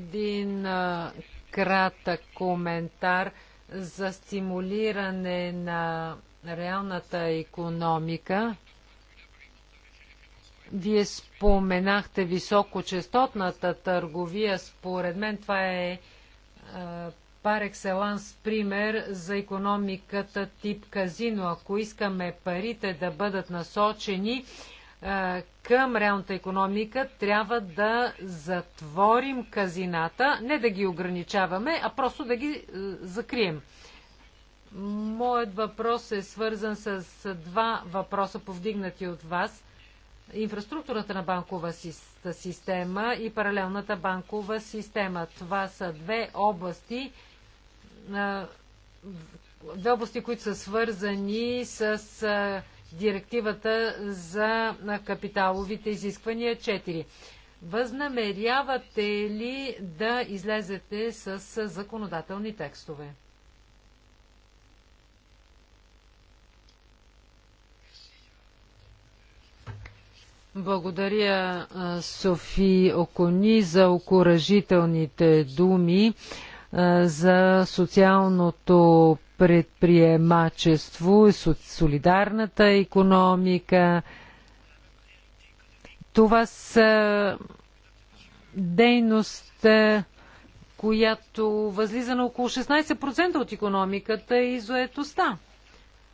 един кратък коментар за стимулиране на реалната економика. Вие споменахте високочастотната търговия. Според мен това е пар екселанс пример за економиката тип казино. Ако искаме парите да бъдат насочени към реалната економика, трябва да затворим казината, не да ги ограничаваме, а просто да ги е, закрием. Моят въпрос е свързан с два въпроса, повдигнати от вас. Инфраструктурата на банкова система и паралелната банкова система. Това са две области, е, две области, които са свързани с е, директивата за капиталовите изисквания 4. Възнамерявате ли да излезете с законодателни текстове? Благодаря, Софи Окони, за окоръжителните думи за социалното предприемачество, солидарната економика. Това са дейност, е, която възлиза на около 16% от економиката и заетостта.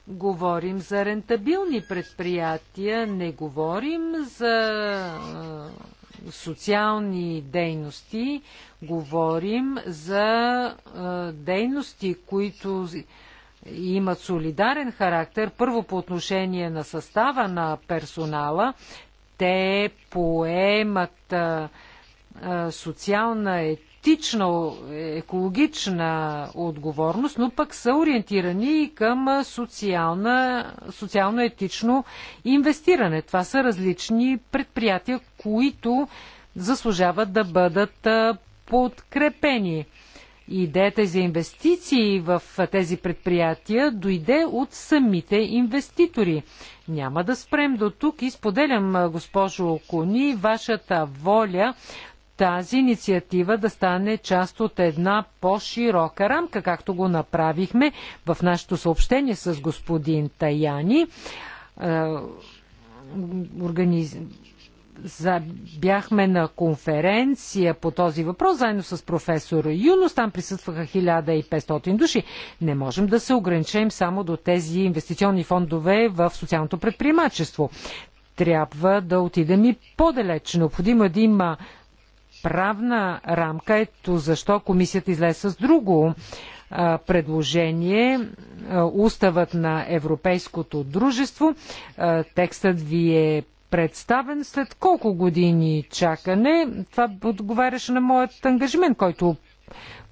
Говорим за рентабилни предприятия, не говорим за е, социални дейности, говорим за дейности, които имат солидарен характер, първо по отношение на състава на персонала, те поемат социална, е, холистична екологична отговорност, но пък са ориентирани и към социално-етично инвестиране. Това са различни предприятия, които заслужават да бъдат подкрепени. Идеята за инвестиции в тези предприятия дойде от самите инвеститори. Няма да спрем до тук и споделям, госпожо Кони, вашата воля тази инициатива да стане част от една по-широка рамка, както го направихме в нашето съобщение с господин Таяни. Е, организ... За... Бяхме на конференция по този въпрос, заедно с професор Юнос. Там присъстваха 1500 души. Не можем да се ограничим само до тези инвестиционни фондове в социалното предприемачество трябва да отидем и по-далеч. Необходимо е да има правна рамка. Ето защо комисията излезе с друго предложение Уставът на Европейското дружество. Текстът ви е представен след колко години чакане. Това отговаряше на моят ангажимент, който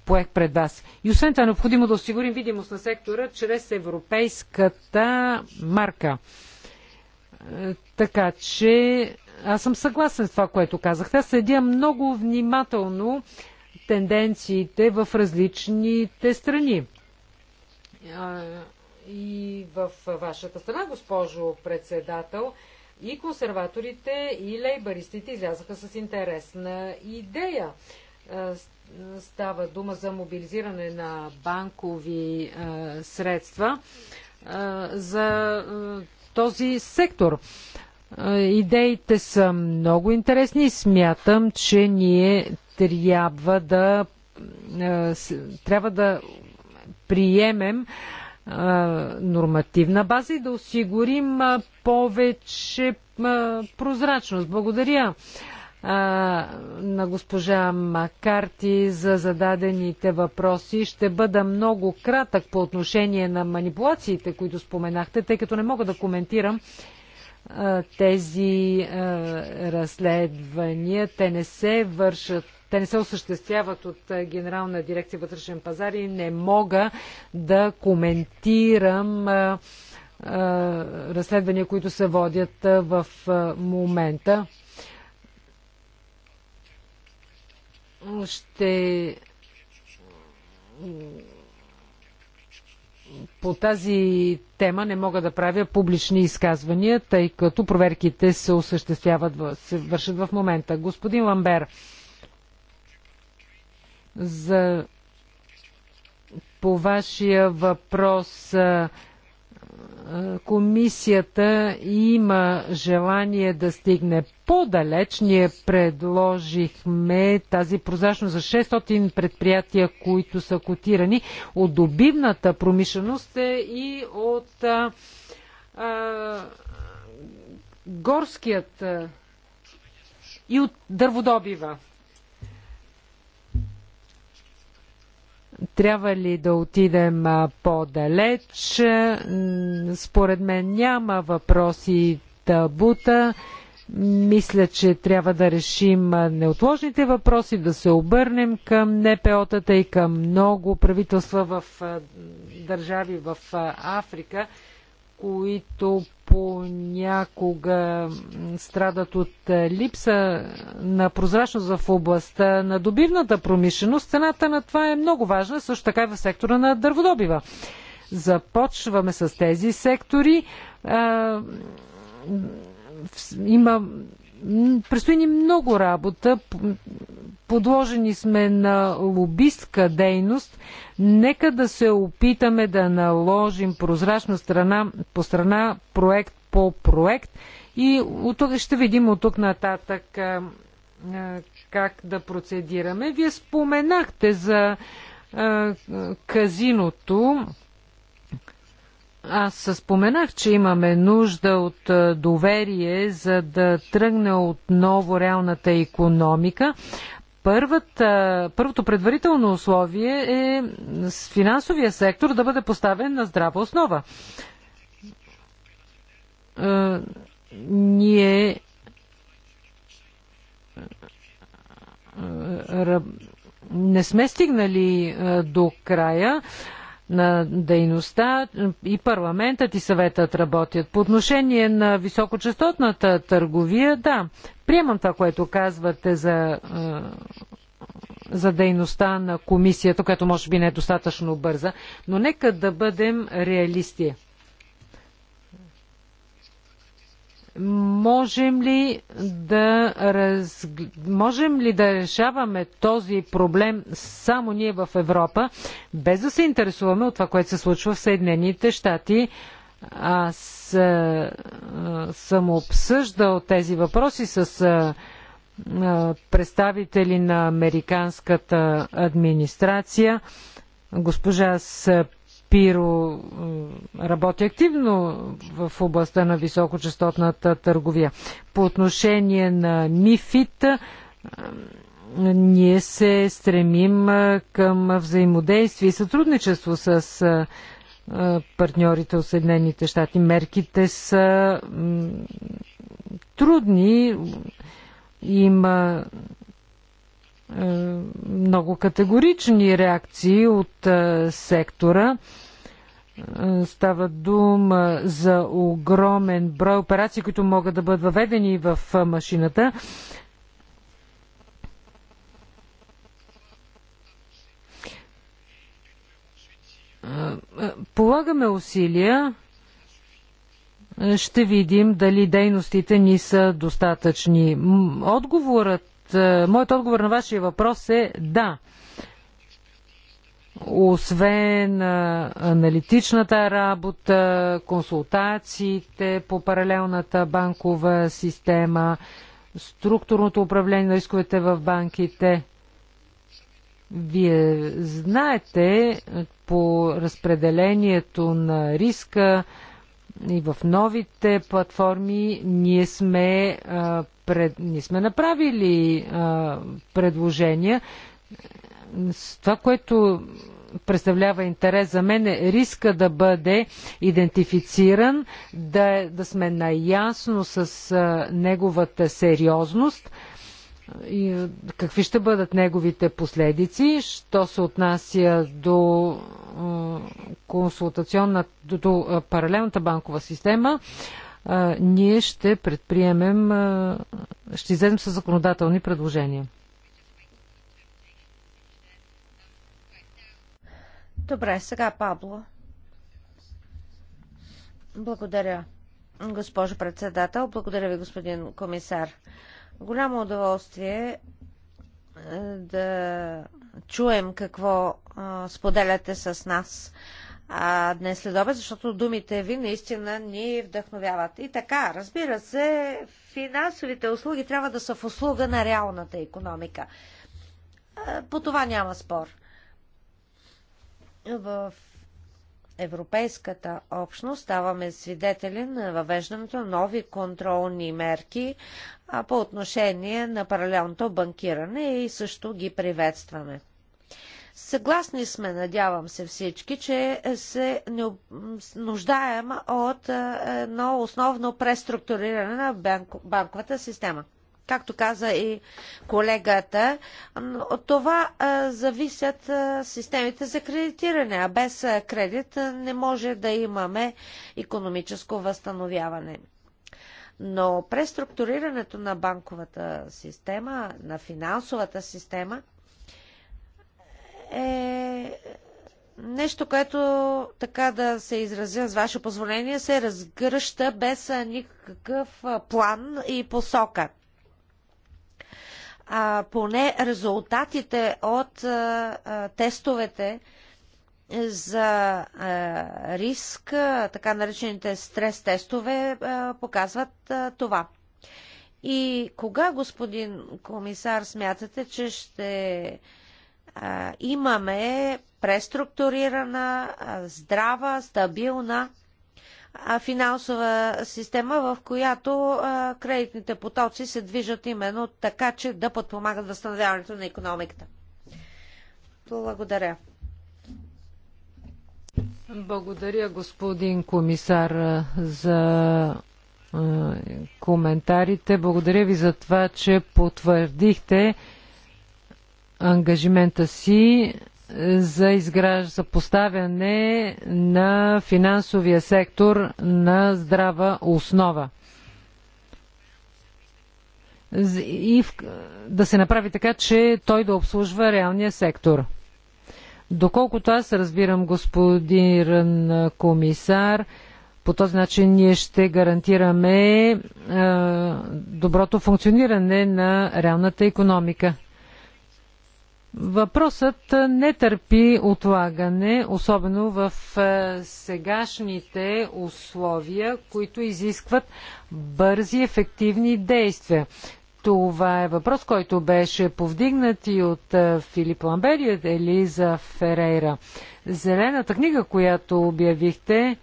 поех пред вас. И освен това е необходимо да осигурим видимост на сектора чрез европейската марка. Така че аз съм съгласен с това, което казахте. Аз следя много внимателно тенденциите в различните страни. И в вашата страна, госпожо председател, и консерваторите, и лейбаристите излязаха с интересна идея. Става дума за мобилизиране на банкови средства за този сектор. Идеите са много интересни и смятам, че ние трябва да, трябва да приемем нормативна база и да осигурим повече прозрачност. Благодаря на госпожа Макарти за зададените въпроси. Ще бъда много кратък по отношение на манипулациите, които споменахте, тъй като не мога да коментирам тези разследвания. Те не се вършат те не се осъществяват от Генерална дирекция вътрешен пазар и не мога да коментирам разследвания, които се водят в момента. Ще по тази тема не мога да правя публични изказвания, тъй като проверките се осъществяват, се вършат в момента. Господин Ламбер, за по вашия въпрос е, комисията има желание да стигне по-далеч. Ние предложихме тази прозрачност за 600 предприятия, които са котирани от добивната промишленост е и от а, е, а, горският и от дърводобива. Трябва ли да отидем по-далеч? Според мен няма въпроси табута. Мисля, че трябва да решим неотложните въпроси, да се обърнем към НПО-тата и към много правителства в държави в Африка, които понякога страдат от липса на прозрачност в областта на добивната промишленост. Цената на това е много важна, също така и в сектора на дърводобива. Започваме с тези сектори. А, има Предстои ни много работа. Подложени сме на лобистка дейност. Нека да се опитаме да наложим прозрачна страна по страна, проект по проект. И от тук ще видим от тук нататък как да процедираме. Вие споменахте за казиното. Аз споменах, че имаме нужда от доверие, за да тръгне отново реалната економика. Първата, първото предварително условие е финансовия сектор да бъде поставен на здрава основа. ние не сме стигнали до края на дейността и парламентът и съветът работят. По отношение на високочастотната търговия, да, приемам това, което казвате за, за дейността на комисията, която може би не е достатъчно бърза, но нека да бъдем реалисти. можем ли да, раз... можем ли да решаваме този проблем само ние в Европа, без да се интересуваме от това, което се случва в Съединените щати? Аз а, съм обсъждал тези въпроси с а, а, представители на американската администрация. Госпожа Спиро работи активно в областта на високочастотната търговия. По отношение на МИФИТ, ние се стремим към взаимодействие и сътрудничество с партньорите от Съединените щати. Мерките са трудни, има е, много категорични реакции от е, сектора. Става дума за огромен брой операции, които могат да бъдат въведени в машината. Полагаме усилия. Ще видим дали дейностите ни са достатъчни. Отговорът, моят отговор на вашия въпрос е да освен аналитичната работа, консултациите по паралелната банкова система, структурното управление на рисковете в банките. Вие знаете по разпределението на риска и в новите платформи ние сме, а, пред, ние сме направили а, предложения, това, което представлява интерес за мен е риска да бъде идентифициран, да, да сме наясно с а, неговата сериозност и какви ще бъдат неговите последици, що се отнася до консултационната, до, до паралелната банкова система, а, ние ще предприемем, а, ще излезем с законодателни предложения. Добре, сега Пабло. Благодаря, госпожо председател. Благодаря ви, господин комисар. Голямо удоволствие е, да чуем какво а, споделяте с нас а, днес след обед, защото думите ви наистина ни вдъхновяват. И така, разбира се, финансовите услуги трябва да са в услуга на реалната економика. А, по това няма спор в Европейската общност ставаме свидетели на въвеждането на нови контролни мерки по отношение на паралелното банкиране и също ги приветстваме. Съгласни сме, надявам се всички, че се нуждаем от едно основно преструктуриране на банковата система както каза и колегата, от това зависят системите за кредитиране, а без кредит не може да имаме економическо възстановяване. Но преструктурирането на банковата система, на финансовата система е нещо, което, така да се изразя с ваше позволение, се разгръща без никакъв план и посока а, поне резултатите от а, а, тестовете за а, риск, а, така наречените стрес тестове, показват а, това. И кога, господин комисар, смятате, че ще а, имаме преструктурирана, а, здрава, стабилна финансова система, в която кредитните потоци се движат именно така, че да подпомагат възстановяването на економиката. Благодаря. Благодаря, господин комисар, за коментарите. Благодаря ви за това, че потвърдихте ангажимента си за, изграж... за поставяне на финансовия сектор на здрава основа. И в... да се направи така, че той да обслужва реалния сектор. Доколкото аз разбирам, господин комисар, по този начин ние ще гарантираме е, доброто функциониране на реалната економика. Въпросът не търпи отлагане, особено в е, сегашните условия, които изискват бързи, ефективни действия. Това е въпрос, който беше повдигнат и от е, Филип Ламбери, от Елиза Ферейра. Зелената книга, която обявихте,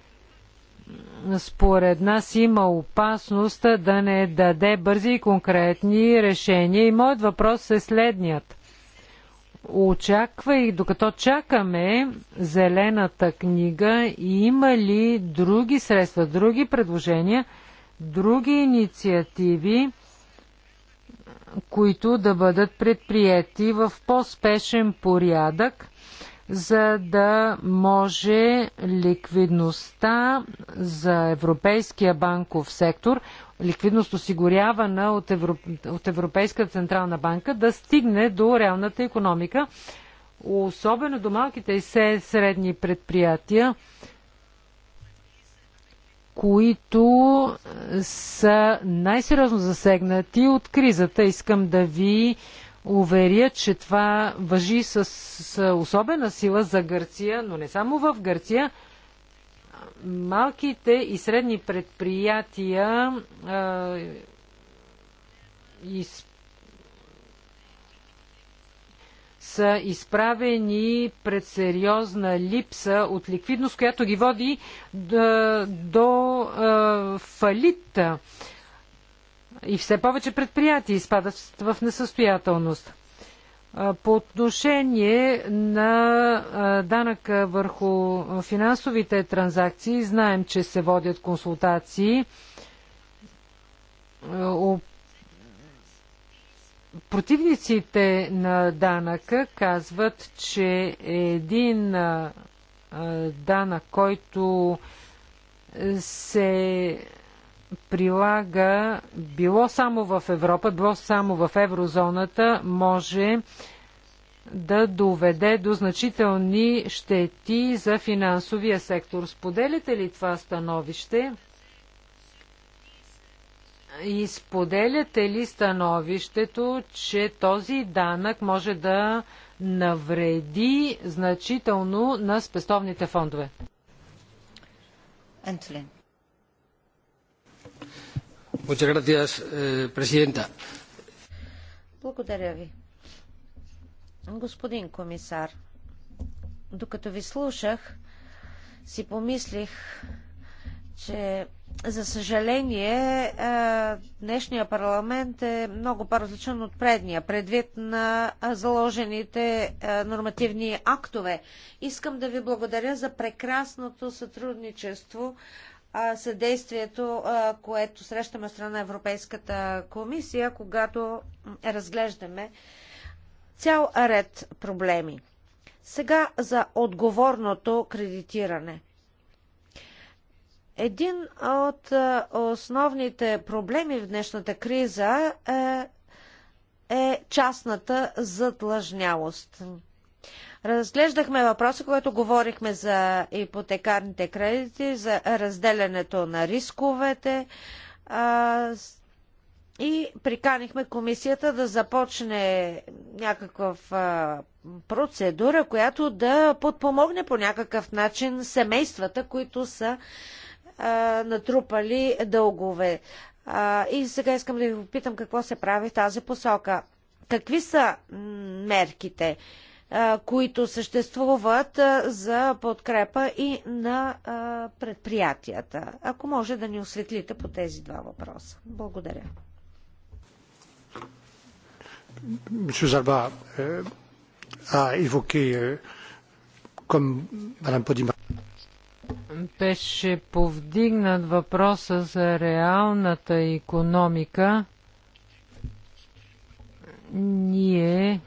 според нас има опасност да не даде бързи и конкретни решения. И моят въпрос е следният – очаква и докато чакаме зелената книга, има ли други средства, други предложения, други инициативи, които да бъдат предприяти в по-спешен порядък, за да може ликвидността за европейския банков сектор, ликвидност осигурявана от, Европ... от Европейската централна банка, да стигне до реалната економика, особено до малките и средни предприятия, които са най-сериозно засегнати от кризата. Искам да ви уверя, че това въжи с, с особена сила за Гърция, но не само в Гърция. Малките и средни предприятия а, из, са изправени пред сериозна липса от ликвидност, която ги води до, до фалита. А, и все повече предприятия изпадат в несъстоятелност. По отношение на данъка върху финансовите транзакции, знаем, че се водят консултации. Противниците на данъка казват, че един данък, който се прилага било само в Европа, било само в еврозоната, може да доведе до значителни щети за финансовия сектор. Споделите ли това становище? И споделяте ли становището, че този данък може да навреди значително на спестовните фондове? Антолин. Eh, благодаря ви. Господин комисар, докато ви слушах, си помислих, че за съжаление е, днешния парламент е много по-различен от предния, предвид на заложените е, нормативни актове. Искам да ви благодаря за прекрасното сътрудничество съдействието, което срещаме от страна Европейската комисия, когато разглеждаме цял ред проблеми. Сега за отговорното кредитиране. Един от основните проблеми в днешната криза е, е частната задлъжнялост. Разглеждахме въпроса, когато говорихме за ипотекарните кредити, за разделянето на рисковете а, и приканихме комисията да започне някаква процедура, която да подпомогне по някакъв начин семействата, които са а, натрупали дългове. А, и сега искам да ви попитам какво се прави в тази посока. Какви са мерките? които съществуват за подкрепа и на предприятията. Ако може да ни осветлите по тези два въпроса. Благодаря. Monsieur Zalba euh, a évoqué, euh, comme Madame Podima. Беше повдигнат въпроса за реалната економика. Ние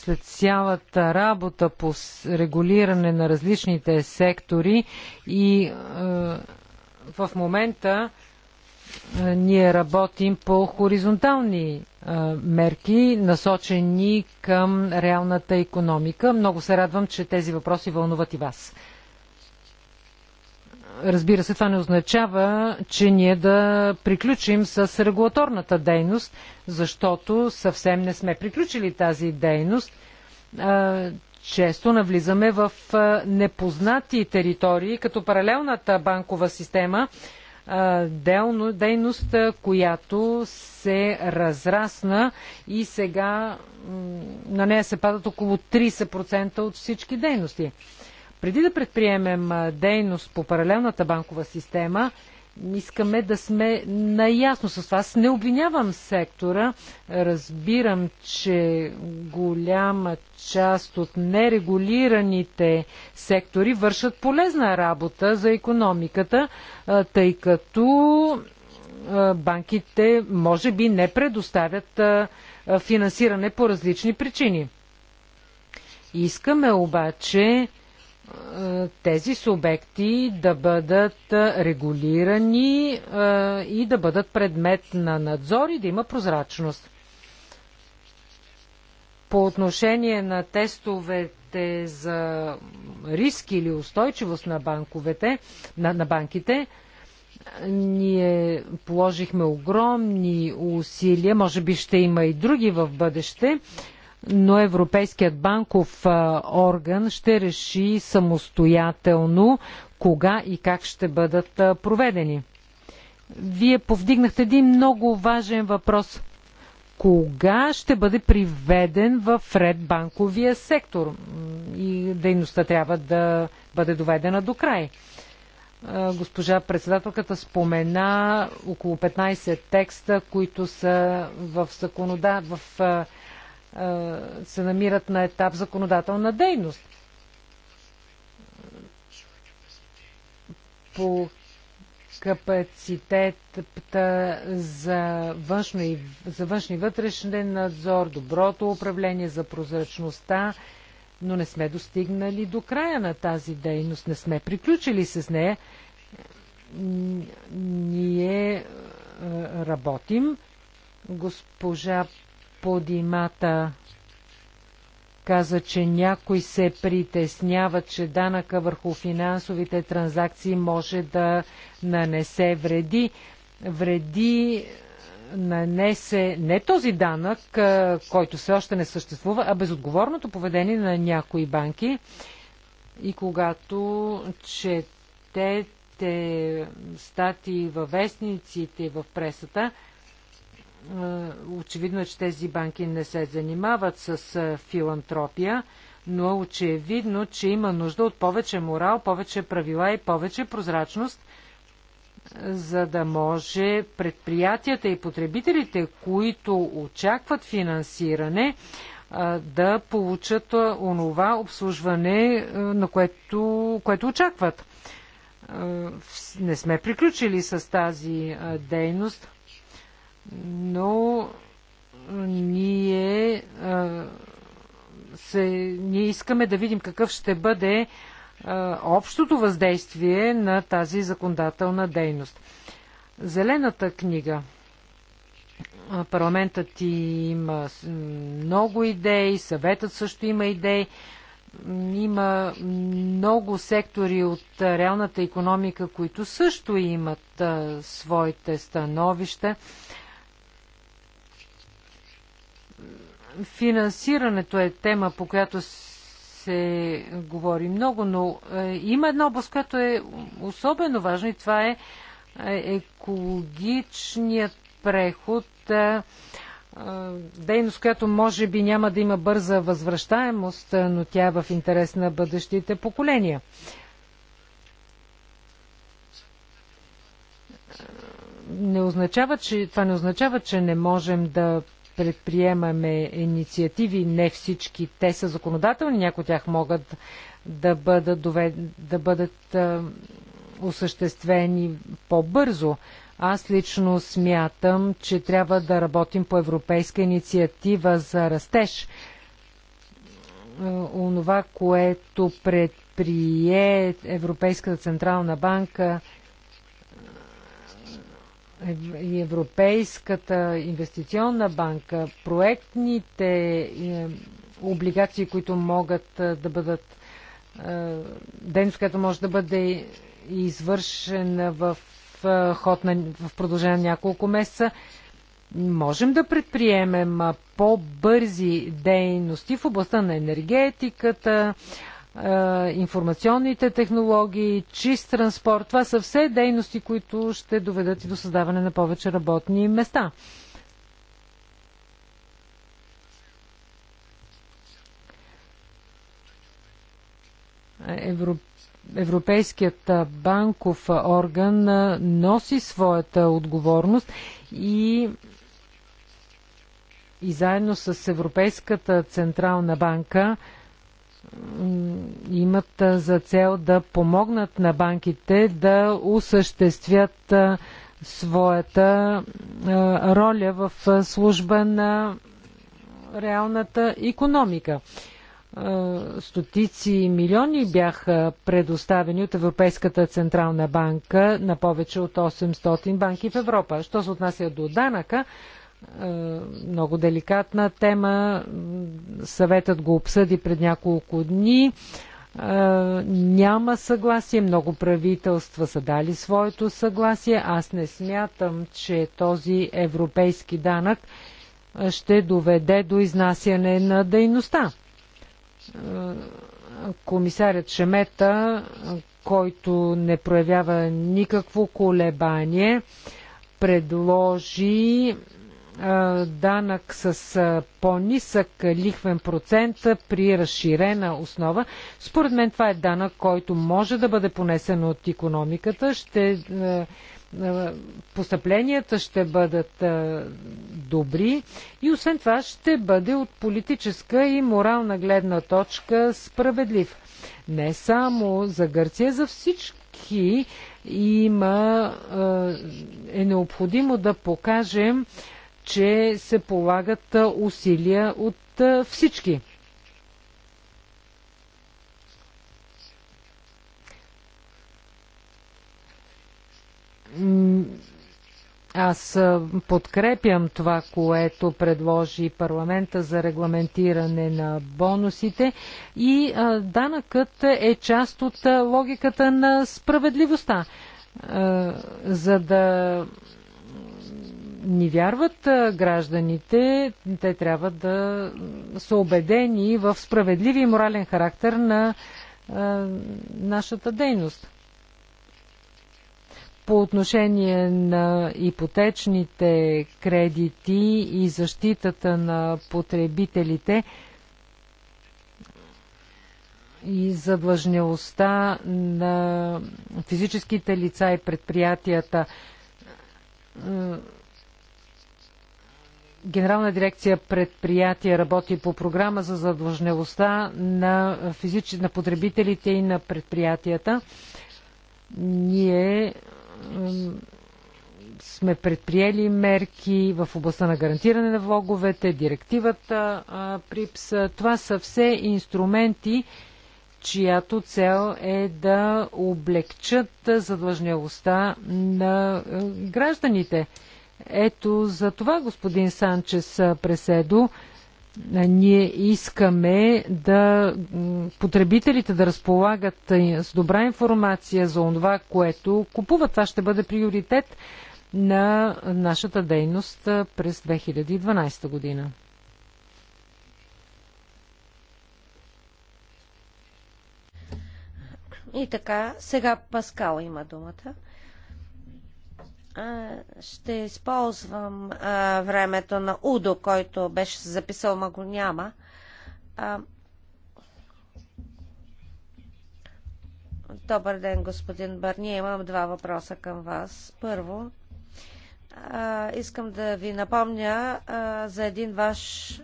след цялата работа по регулиране на различните сектори и е, в момента е, ние работим по хоризонтални е, мерки, насочени към реалната економика. Много се радвам, че тези въпроси вълнуват и вас разбира се, това не означава, че ние да приключим с регулаторната дейност, защото съвсем не сме приключили тази дейност. Често навлизаме в непознати територии, като паралелната банкова система, дейност, която се разрасна и сега на нея се падат около 30% от всички дейности преди да предприемем дейност по паралелната банкова система, искаме да сме наясно с това. не обвинявам сектора. Разбирам, че голяма част от нерегулираните сектори вършат полезна работа за економиката, тъй като банките може би не предоставят финансиране по различни причини. Искаме обаче е, тези субекти да бъдат е, регулирани е, и да бъдат предмет на надзор и да има прозрачност. По отношение на тестовете за риск или устойчивост на, банковете, на, на банките, ние положихме огромни усилия, може би ще има и други в бъдеще, но Европейският банков орган ще реши самостоятелно кога и как ще бъдат проведени. Вие повдигнахте един много важен въпрос. Кога ще бъде приведен в ред банковия сектор? И дейността трябва да бъде доведена до край. Госпожа председателката спомена около 15 текста, които са в, законода... в се намират на етап законодателна дейност. По капацитет за, външно и, за външни вътрешен надзор, доброто управление, за прозрачността, но не сме достигнали до края на тази дейност, не сме приключили с нея. Ние работим. Госпожа Подимата каза, че някой се притеснява, че данъка върху финансовите транзакции може да нанесе вреди. Вреди е, нанесе не този данък, е, който все още не съществува, а безотговорното поведение на някои банки. И когато четете статии във вестниците и в пресата, е, очевидно е, че тези банки не се занимават с е, филантропия, но е очевидно, че има нужда от повече морал, повече правила и повече прозрачност, за да може предприятията и потребителите, които очакват финансиране, е, да получат онова обслужване, на което, което очакват. Не сме приключили с тази дейност но ние, се, ние искаме да видим какъв ще бъде общото въздействие на тази законодателна дейност. Зелената книга. Парламентът има много идеи, съветът също има идеи. Има много сектори от реалната економика, които също имат своите становища. Финансирането е тема, по която се говори много, но е, има една област, която е особено важна и това е, е екологичният преход, е, дейност, която може би няма да има бърза възвръщаемост, но тя е в интерес на бъдещите поколения. Не означава, че, това не означава, че не можем да предприемаме инициативи. Не всички те са законодателни, някои от тях могат да бъдат, довед... да бъдат а, осъществени по-бързо. Аз лично смятам, че трябва да работим по европейска инициатива за растеж. Онова, което предприе Европейската централна банка и Европейската инвестиционна банка, проектните е, облигации, които могат е, да бъдат е, дейност, която може да бъде извършена в ход на, в продължение на няколко месеца, можем да предприемем по-бързи дейности в областта на енергетиката, е, информационните технологии, чист транспорт. Това са все дейности, които ще доведат и до създаване на повече работни места. Европейският банков орган е, носи своята отговорност и и заедно с Европейската централна банка имат за цел да помогнат на банките да осъществят своята роля в служба на реалната економика. Стотици милиони бяха предоставени от Европейската Централна банка на повече от 800 банки в Европа. Що се отнася до данъка, е, много деликатна тема. Съветът го обсъди пред няколко дни. Е, няма съгласие. Много правителства са дали своето съгласие. Аз не смятам, че този европейски данък е, ще доведе до изнасяне на дейността. Комисарят Шемета, който не проявява никакво колебание, предложи данък с по-нисък лихвен процент при разширена основа. Според мен това е данък, който може да бъде понесен от економиката. Ще, постъпленията ще бъдат добри и освен това ще бъде от политическа и морална гледна точка справедлив. Не само за Гърция, за всички има, е необходимо да покажем че се полагат усилия от всички. Аз подкрепям това, което предложи парламента за регламентиране на бонусите и данъкът е част от логиката на справедливостта. За да ни вярват гражданите, те трябва да са убедени в справедливи и морален характер на а, нашата дейност. По отношение на ипотечните кредити и защитата на потребителите и задлъжнялостта на физическите лица и предприятията, Генерална дирекция предприятия работи по програма за задлъжнялостта на, физич... на потребителите и на предприятията. Ние сме предприели мерки в областта на гарантиране на влоговете, директивата ПРИПС. Това са все инструменти, чиято цел е да облегчат задлъжнялостта на гражданите. Ето за това, господин Санчес Преседо, ние искаме да потребителите да разполагат с добра информация за това, което купуват. Това ще бъде приоритет на нашата дейност през 2012 година. И така, сега Паскал има думата. Ще използвам а, времето на Удо, който беше записал, ма го няма. А, добър ден, господин Барни. Имам два въпроса към вас. Първо, а, искам да ви напомня за един ваш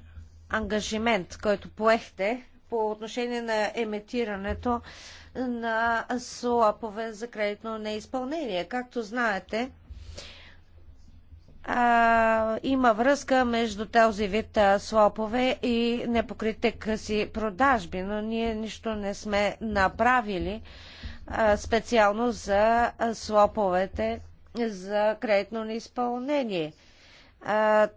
ангажимент, който поехте по отношение на емитирането на слапове за кредитно неизпълнение. Както знаете, а, има връзка между този вид а, слопове и непокрите къси продажби, но ние нищо не сме направили а, специално за а, слоповете за кредитно неизпълнение. А,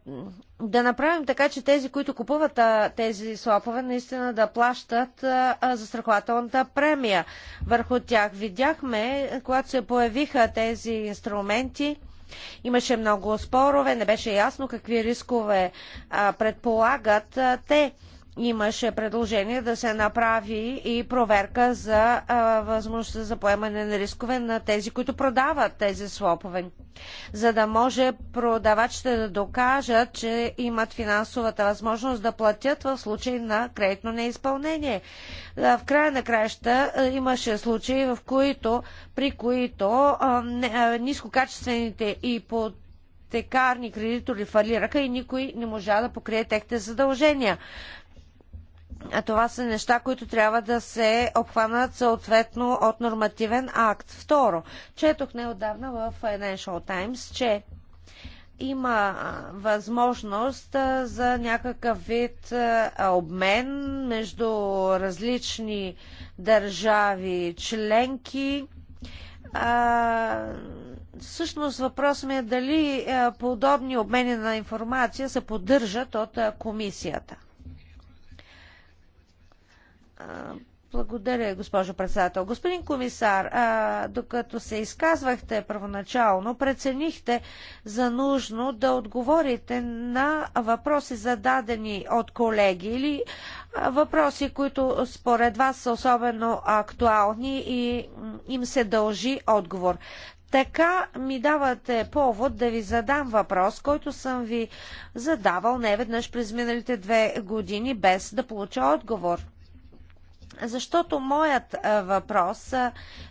да направим така, че тези, които купуват а, тези слопове, наистина да плащат а, застрахователната премия върху тях. Видяхме, когато се появиха тези инструменти, Имаше много спорове, не беше ясно какви рискове предполагат те имаше предложение да се направи и проверка за а, възможността за поемане на рискове на тези, които продават тези слопове, за да може продавачите да докажат, че имат финансовата възможност да платят в случай на кредитно неизпълнение. В края на краища имаше случаи, в които, при които нискокачествените и под текарни кредитори фалираха и никой не можа да покрие техните задължения. А това са неща, които трябва да се обхванат съответно от нормативен акт. Второ, четох неодавна в Financial Times, че има възможност за някакъв вид обмен между различни държави членки. А, всъщност въпросът ми е дали подобни обмени на информация се поддържат от комисията. Благодаря, госпожо председател. Господин комисар, а, докато се изказвахте първоначално, преценихте за нужно да отговорите на въпроси зададени от колеги или а, въпроси, които според вас са особено актуални и им се дължи отговор. Така ми давате повод да ви задам въпрос, който съм ви задавал неведнъж през миналите две години, без да получа отговор защото моят въпрос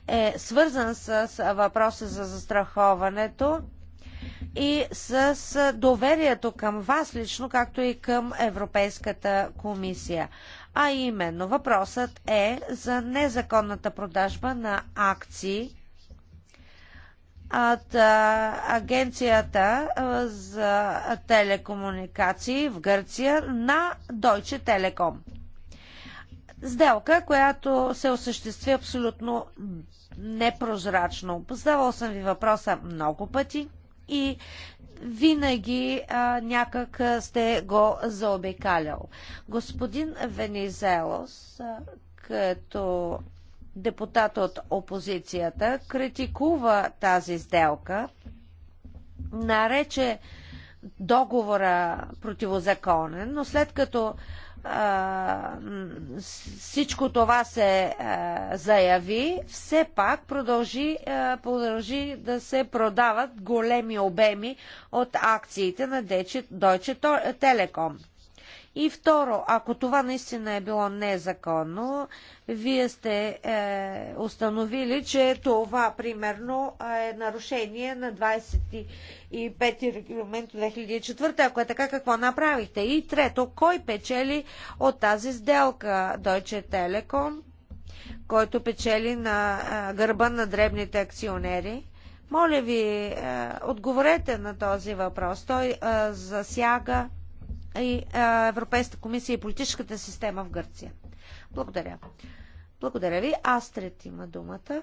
е свързан с въпроса за застраховането и с доверието към вас лично, както и към Европейската комисия. А именно, въпросът е за незаконната продажба на акции от агенцията за телекомуникации в Гърция на Deutsche Telekom. Сделка, която се осъществи абсолютно непрозрачно. Поставал съм ви въпроса много пъти и винаги а, някак сте го заобикалял. Господин Венизелос, а, като депутат от опозицията, критикува тази сделка, нарече договора противозаконен, но след като всичко това се заяви, все пак продължи, продължи да се продават големи обеми от акциите на Deutsche Telekom. И второ, ако това наистина е било незаконно, вие сте е, установили, че това примерно е нарушение на 25 регламент 2004. Ако е така, какво направихте? И трето, кой печели от тази сделка? Deutsche Telekom, който печели на е, гърба на дребните акционери? Моля ви, е, отговорете на този въпрос. Той е, засяга и Европейската комисия и политическата система в Гърция. Благодаря. Благодаря ви. Астрид има думата.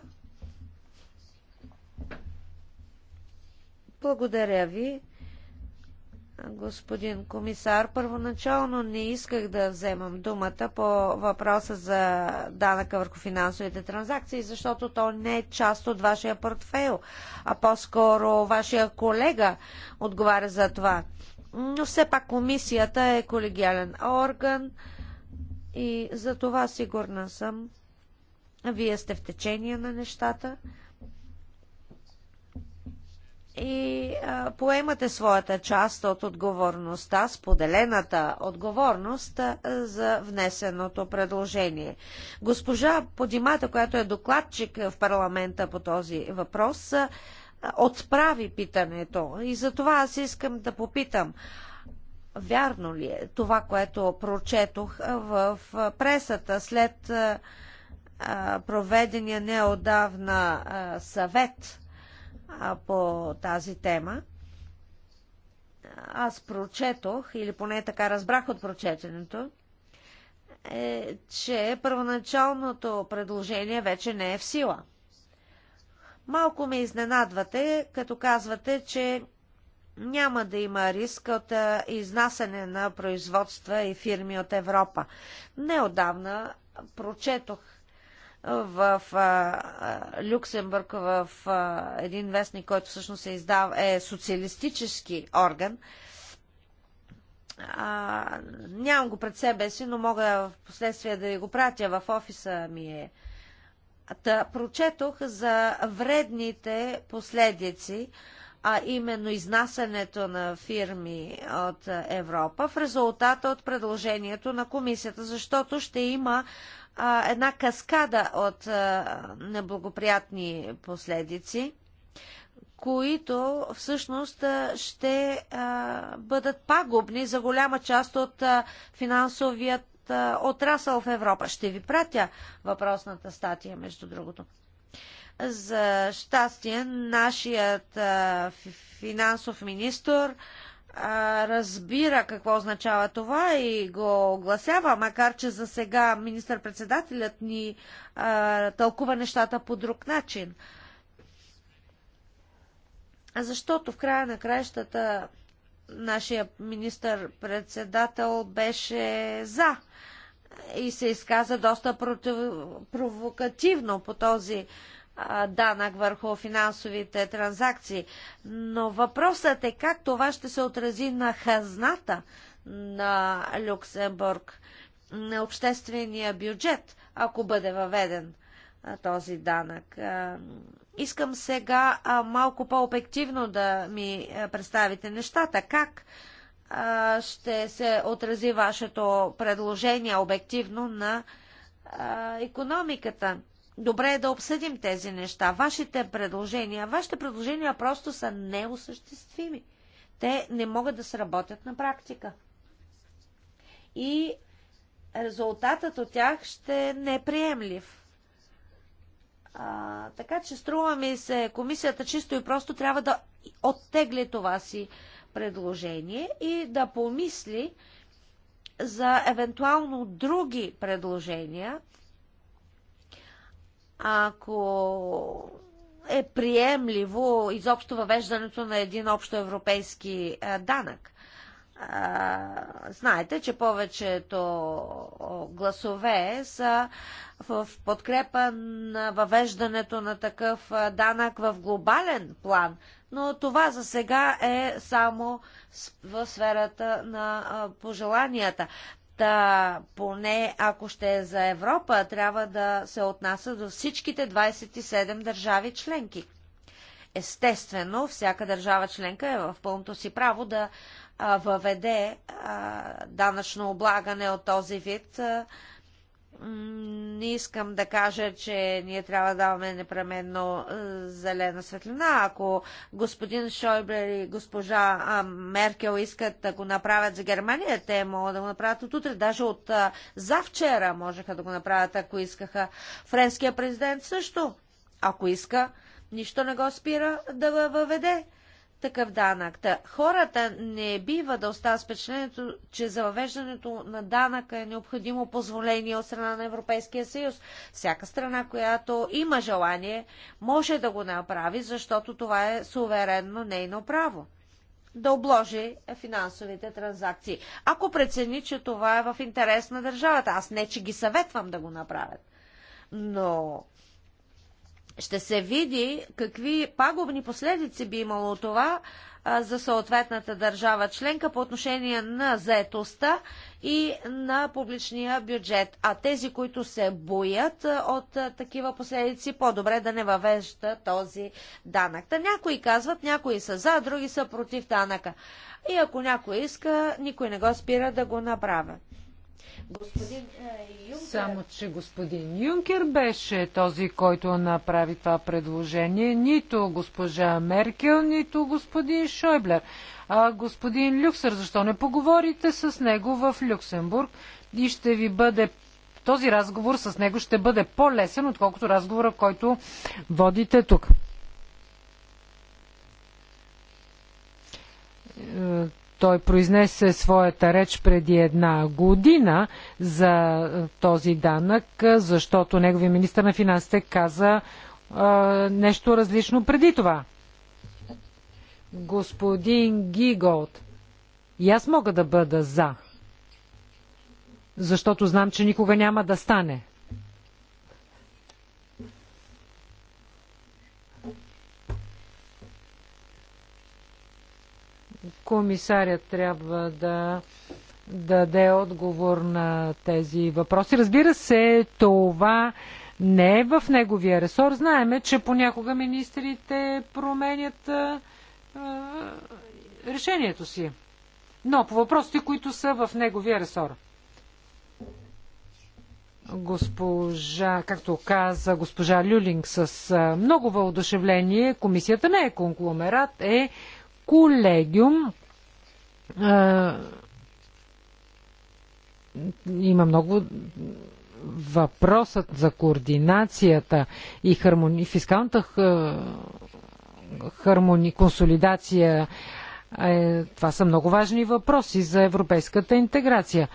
Благодаря ви, господин комисар. Първоначално не исках да вземам думата по въпроса за данъка върху финансовите транзакции, защото то не е част от вашия портфейл, а по-скоро вашия колега отговаря за това. Но все пак комисията е колегиален орган и за това сигурна съм. Вие сте в течение на нещата и а, поемате своята част от отговорността, споделената отговорност а, за внесеното предложение. Госпожа Подимата, която е докладчик в парламента по този въпрос, а, отправи питането. И за това аз искам да попитам. Вярно ли е това, което прочетох в пресата след проведения неодавна съвет по тази тема? Аз прочетох, или поне така разбрах от прочетенето, е, че първоначалното предложение вече не е в сила – Малко ме изненадвате, като казвате, че няма да има риск от изнасяне на производства и фирми от Европа. Неодавна прочетох в а, Люксембург, в а, един вестник, който всъщност е, издав... е социалистически орган. А, нямам го пред себе си, но мога в последствие да ви го пратя. В офиса ми е Та, прочетох за вредните последици, а именно изнасянето на фирми от Европа в резултата от предложението на комисията, защото ще има а, една каскада от а, неблагоприятни последици, които всъщност ще а, бъдат пагубни за голяма част от а, финансовият отрасъл в Европа. Ще ви пратя въпросната статия, между другото. За щастие, нашият финансов министр разбира какво означава това и го огласява, макар че за сега министър-председателят ни тълкува нещата по друг начин. Защото в края на краищата нашия министър-председател беше за и се изказа доста провокативно по този данък върху финансовите транзакции. Но въпросът е как това ще се отрази на хазната на Люксембург, на обществения бюджет, ако бъде въведен този данък. Искам сега малко по-обективно да ми представите нещата. Как ще се отрази вашето предложение обективно на економиката. Добре е да обсъдим тези неща. Вашите предложения, вашите предложения просто са неосъществими. Те не могат да сработят на практика. И резултатът от тях ще е неприемлив. А, така че струва ми се, комисията чисто и просто трябва да оттегли това си предложение и да помисли за евентуално други предложения, ако е приемливо изобщо въвеждането на един общо европейски данък. Знаете, че повечето гласове са в подкрепа на въвеждането на такъв данък в глобален план но това за сега е само в сферата на пожеланията. Та, поне ако ще е за Европа, трябва да се отнася до всичките 27 държави членки. Естествено, всяка държава членка е в пълното си право да въведе данъчно облагане от този вид не искам да кажа, че ние трябва да даваме непременно е, зелена светлина. Ако господин Шойблер и госпожа Меркел искат да го направят за Германия, те могат да го направят от утре. Даже от завчера можеха да го направят, ако искаха. Френския президент също, ако иска, нищо не го спира да въведе такъв данък. Та, хората не бива да остават впечатлението, че за въвеждането на данъка е необходимо позволение от страна на Европейския съюз. Всяка страна, която има желание, може да го направи, защото това е суверенно нейно право да обложи финансовите транзакции. Ако прецени, че това е в интерес на държавата, аз не, че ги съветвам да го направят, но ще се види какви пагубни последици би имало това за съответната държава членка по отношение на заетостта и на публичния бюджет. А тези, които се боят от такива последици, по-добре да не въвежда този данък. Та някои казват, някои са за, други са против данъка. И ако някой иска, никой не го спира да го направя. Е, Юнкер... Само, че господин Юнкер беше този, който направи това предложение. Нито госпожа Меркел, нито господин Шойблер. А господин Люксер, защо не поговорите с него в Люксембург и ще ви бъде този разговор с него ще бъде по-лесен, отколкото разговора, който водите тук. Е, той произнесе своята реч преди една година за е, този данък, е, защото неговият министр на финансите каза а, е, нещо различно преди това. Господин Гиголд, и аз мога да бъда за, защото знам, че никога няма да стане. комисарят трябва да даде отговор на тези въпроси. Разбира се, това не е в неговия ресор. Знаеме, че понякога министрите променят а, решението си. Но по въпросите, които са в неговия ресор. Госпожа, както каза госпожа Люлинг с много въодушевление, комисията не е конгломерат, е колегиум има много въпросът за координацията и хармони... фискалната хармони... консолидация е... това са много важни въпроси за европейската интеграция.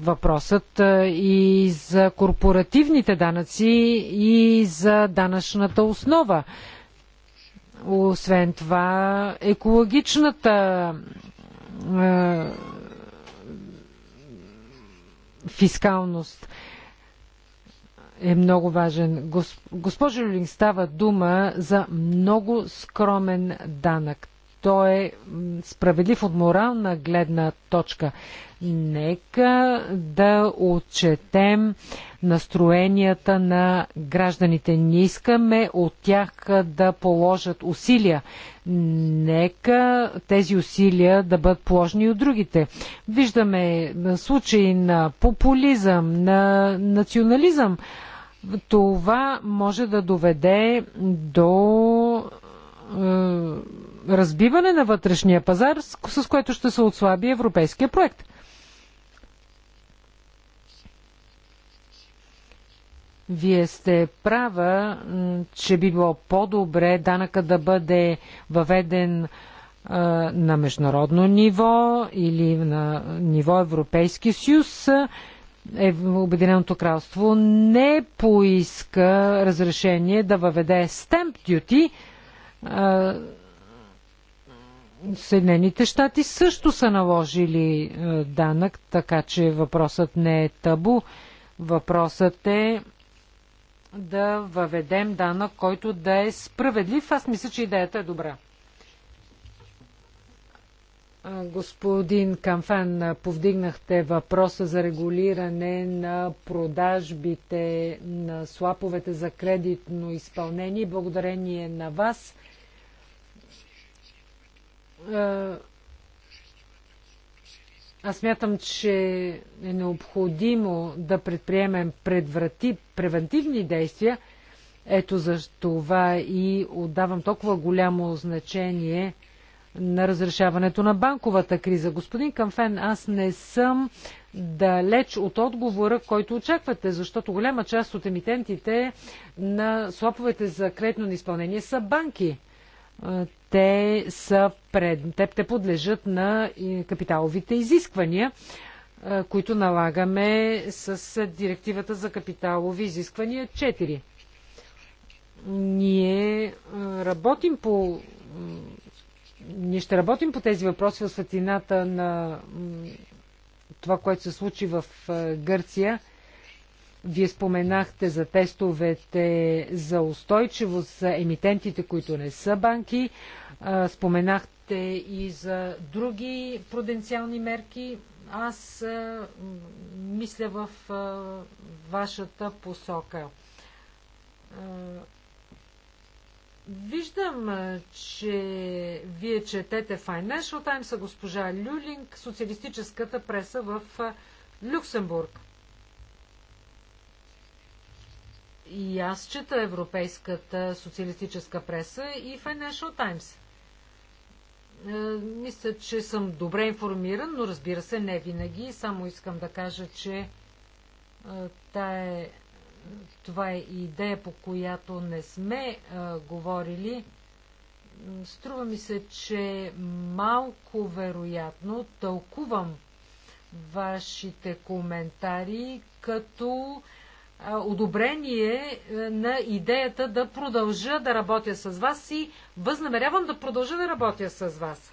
Въпросът и за корпоративните данъци и за данъчната основа. Освен това, екологичната е, фискалност е много важен. Госпожо Люлин, става дума за много скромен данък той е справедлив от морална гледна точка. Нека да отчетем настроенията на гражданите. Не искаме от тях да положат усилия. Нека тези усилия да бъдат положени от другите. Виждаме случаи на популизъм, на национализъм. Това може да доведе до е, разбиване на вътрешния пазар, с, което ще се отслаби европейския проект. Вие сте права, че би било по-добре данъка да бъде въведен а, на международно ниво или на ниво Европейски съюз. Е, Обединеното кралство не поиска разрешение да въведе stamp duty, а, Съединените щати също са наложили е, данък, така че въпросът не е табу. Въпросът е да въведем данък, който да е справедлив. Аз мисля, че идеята е добра. Господин Камфан, повдигнахте въпроса за регулиране на продажбите на слаповете за кредитно изпълнение. Благодарение на вас – аз мятам, че е необходимо да предприемем предврати, превентивни действия. Ето за това и отдавам толкова голямо значение на разрешаването на банковата криза. Господин Камфен, аз не съм далеч от отговора, който очаквате, защото голяма част от емитентите на слоповете за кредитно изпълнение са банки те, са пред, те, те подлежат на капиталовите изисквания, които налагаме с директивата за капиталови изисквания 4. Ние работим по ние ще работим по тези въпроси в светлината на това, което се случи в Гърция – вие споменахте за тестовете за устойчивост, за емитентите, които не са банки. Споменахте и за други пруденциални мерки. Аз мисля в вашата посока. Виждам, че вие четете Financial Times, госпожа Люлинг, социалистическата преса в Люксембург. и аз чета Европейската социалистическа преса и Financial Times. Е, мисля, че съм добре информиран, но разбира се, не винаги. Само искам да кажа, че е, е, това е идея, по която не сме а, говорили. Струва ми се, че малко вероятно тълкувам вашите коментари като а, одобрение е, на идеята да продължа да работя с вас и възнамерявам да продължа да работя с вас.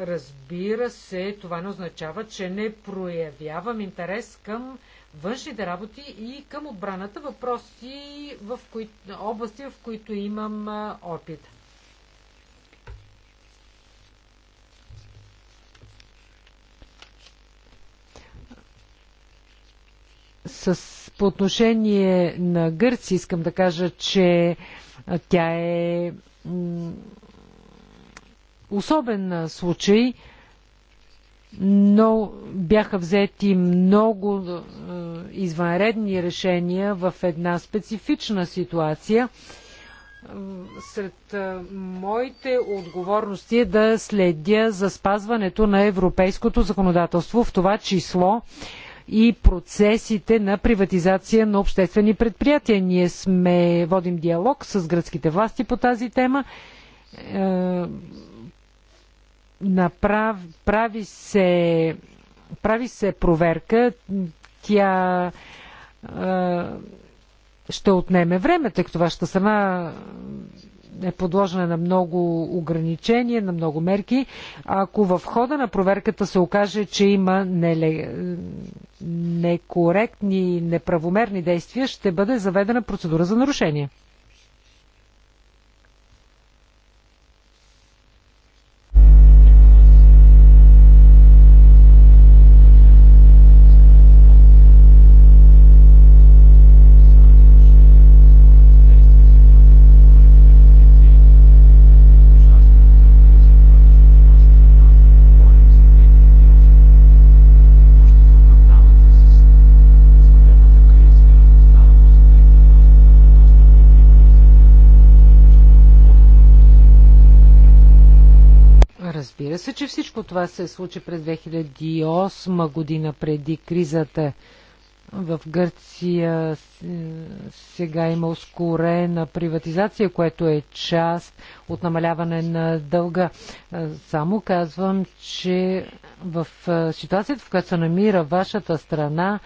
Разбира се, това не означава, че не проявявам интерес към външните работи и към отбраната въпроси в кои... области, в които имам опит. с по отношение на Гърция искам да кажа, че тя е особен случай, но бяха взети много извънредни решения в една специфична ситуация. Сред моите отговорности е да следя за спазването на европейското законодателство, в това число и процесите на приватизация на обществени предприятия. Ние сме, водим диалог с гръцките власти по тази тема. Е, направ, прави, се, прави се проверка. Тя е, ще отнеме време, тъй като вашата страна е подложена на много ограничения, на много мерки. Ако в хода на проверката се окаже, че има неле... некоректни, неправомерни действия, ще бъде заведена процедура за нарушение. се, че всичко това се случи през 2008 година преди кризата. В Гърция сега има ускорена приватизация, което е част от намаляване на дълга. Само казвам, че в ситуацията, в която се намира вашата страна,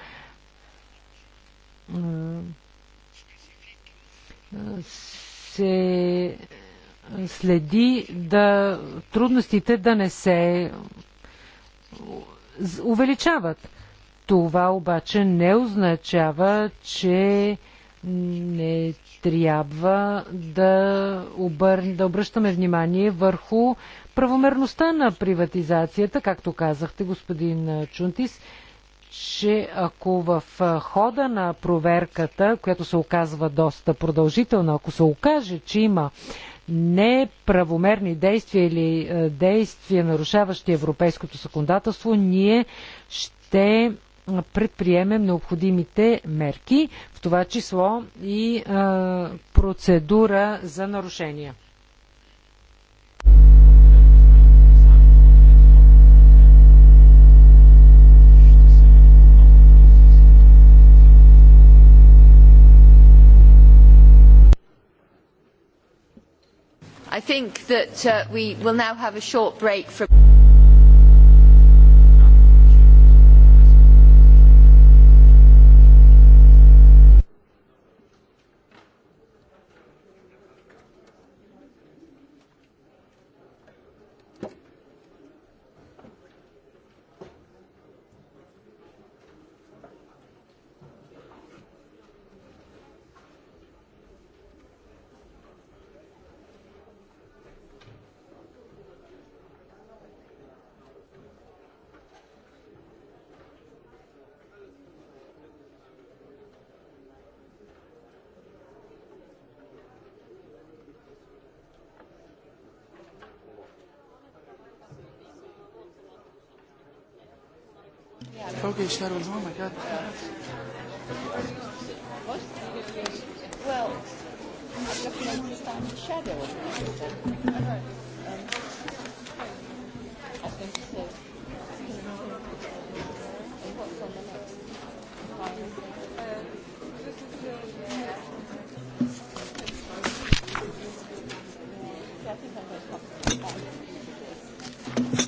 се следи да трудностите да не се увеличават. Това обаче не означава, че не трябва да, обър... да обръщаме внимание върху правомерността на приватизацията, както казахте, господин Чунтис, че ако в хода на проверката, която се оказва доста продължителна, ако се окаже, че има неправомерни действия или е, действия, нарушаващи европейското законодателство, ние ще е, предприемем необходимите мерки, в това число и е, процедура за нарушения. I think that uh, we will now have a short break from... European shareholders. Oh my God. Well, I'm I think what's on the next? I think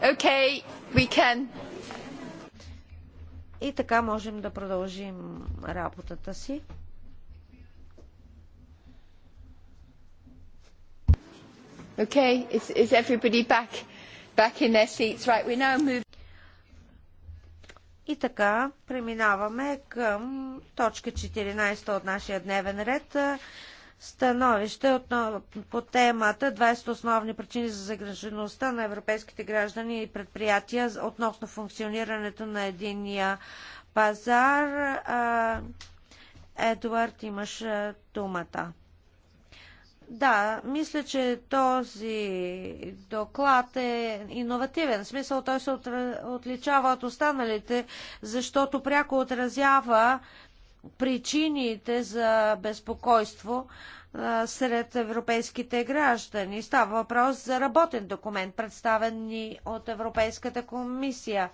Okay, we can. И така можем да продължим работата си. Okay, is, is everybody back, back in their seats? Right, we now move... И така, преминаваме към точка 14 от нашия дневен ред становище по темата 20 основни причини за загрежеността на европейските граждани и предприятия относно функционирането на единия пазар. Едуард, имаш думата. Да, мисля, че този доклад е иновативен. В смисъл той се отличава от останалите, защото пряко отразява причините за безпокойство сред европейските граждани. Става въпрос за работен документ, представен ни от Европейската комисия.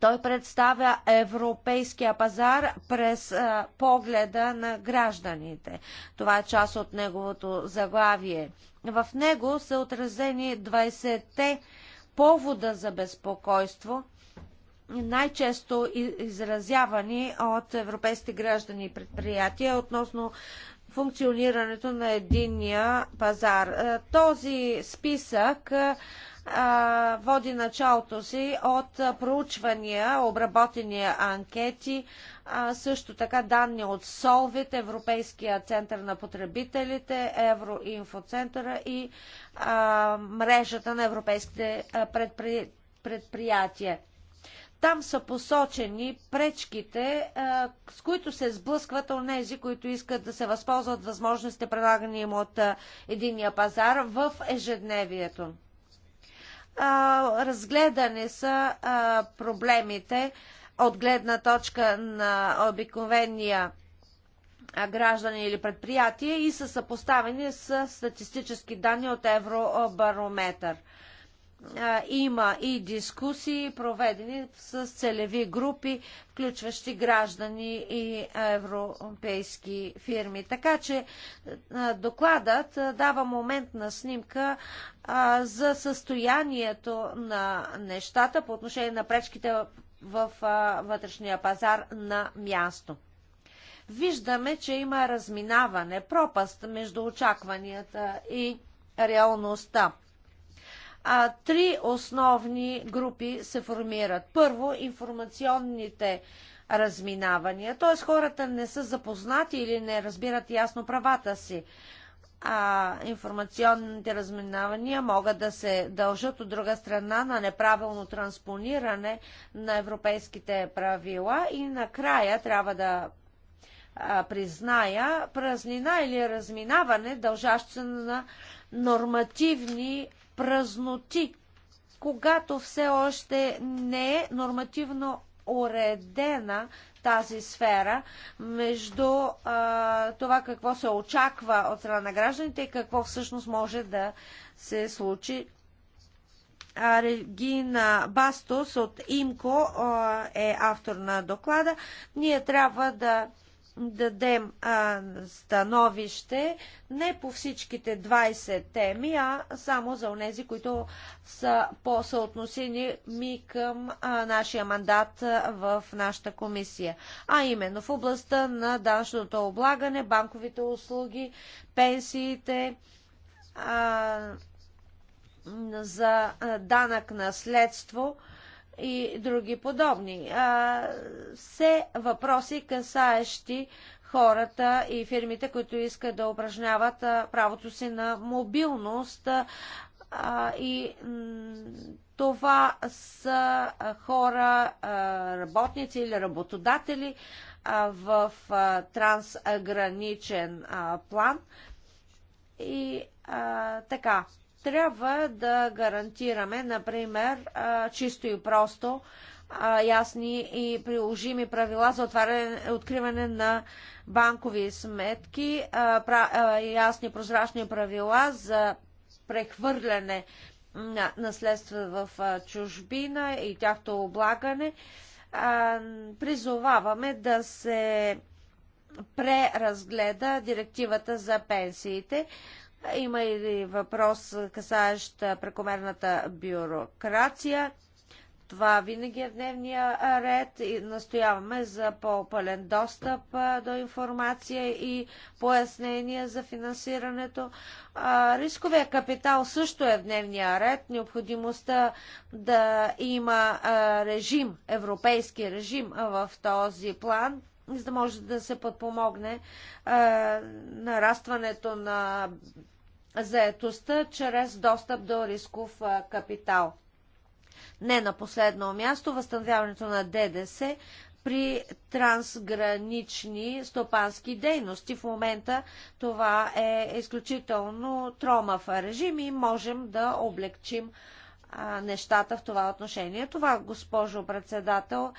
Той представя европейския пазар през а, погледа на гражданите. Това е част от неговото заглавие. В него са отразени 20-те повода за безпокойство – най-често изразявани от европейските граждани и предприятия относно функционирането на единния пазар. Е, този списък е, води началото си от проучвания, обработени анкети, също така данни от Солвит, Европейския център на потребителите, Евроинфоцентъра и мрежата на европейските предприятия. Там са посочени пречките, е, с които се сблъскват онези, които искат да се възползват възможностите, предлагани им от е, единия пазар в ежедневието. Е, разгледани са проблемите от гледна точка на обикновения граждани или предприятия и са съпоставени с статистически данни от Евробарометър има и дискусии, проведени с целеви групи, включващи граждани и европейски фирми. Така че докладът дава момент на снимка за състоянието на нещата по отношение на пречките в вътрешния пазар на място виждаме, че има разминаване, пропаст между очакванията и реалността а, три основни групи се формират. Първо, информационните разминавания, т.е. хората не са запознати или не разбират ясно правата си. А информационните разминавания могат да се дължат от друга страна на неправилно транспониране на европейските правила и накрая трябва да призная празнина или разминаване, дължащо се на нормативни празноти, когато все още не е нормативно уредена тази сфера между а, това какво се очаква от страна на гражданите и какво всъщност може да се случи. А, Регина Бастос от ИМКО а, е автор на доклада. Ние трябва да дадем а, становище не по всичките 20 теми, а само за онези, които са по-съотносени ми към а, нашия мандат а, в нашата комисия. А именно в областта на данъчното облагане, банковите услуги, пенсиите, а, за данък наследство, а, и други подобни. А, все въпроси, касаещи хората и фирмите, които искат да упражняват правото си на мобилност а, и това са хора, работници или работодатели в трансграничен план. И така, трябва да гарантираме, например, чисто и просто ясни и приложими правила за отваряне откриване на банкови сметки, ясни прозрачни правила за прехвърляне на наследства в чужбина и тяхто облагане. Призоваваме да се преразгледа директивата за пенсиите. Има и въпрос, касаещ прекомерната бюрокрация. Това винаги е дневния ред и настояваме за по-пълен достъп до информация и пояснение за финансирането. Рисковия капитал също е в дневния ред. Необходимостта да има режим, европейски режим в този план за да може да се подпомогне а, е, нарастването на заетостта чрез достъп до рисков а, е, капитал. Не на последно място, възстановяването на ДДС при трансгранични стопански дейности. В момента това е изключително тромав режим и можем да облегчим нещата в това отношение. Това, госпожо председател,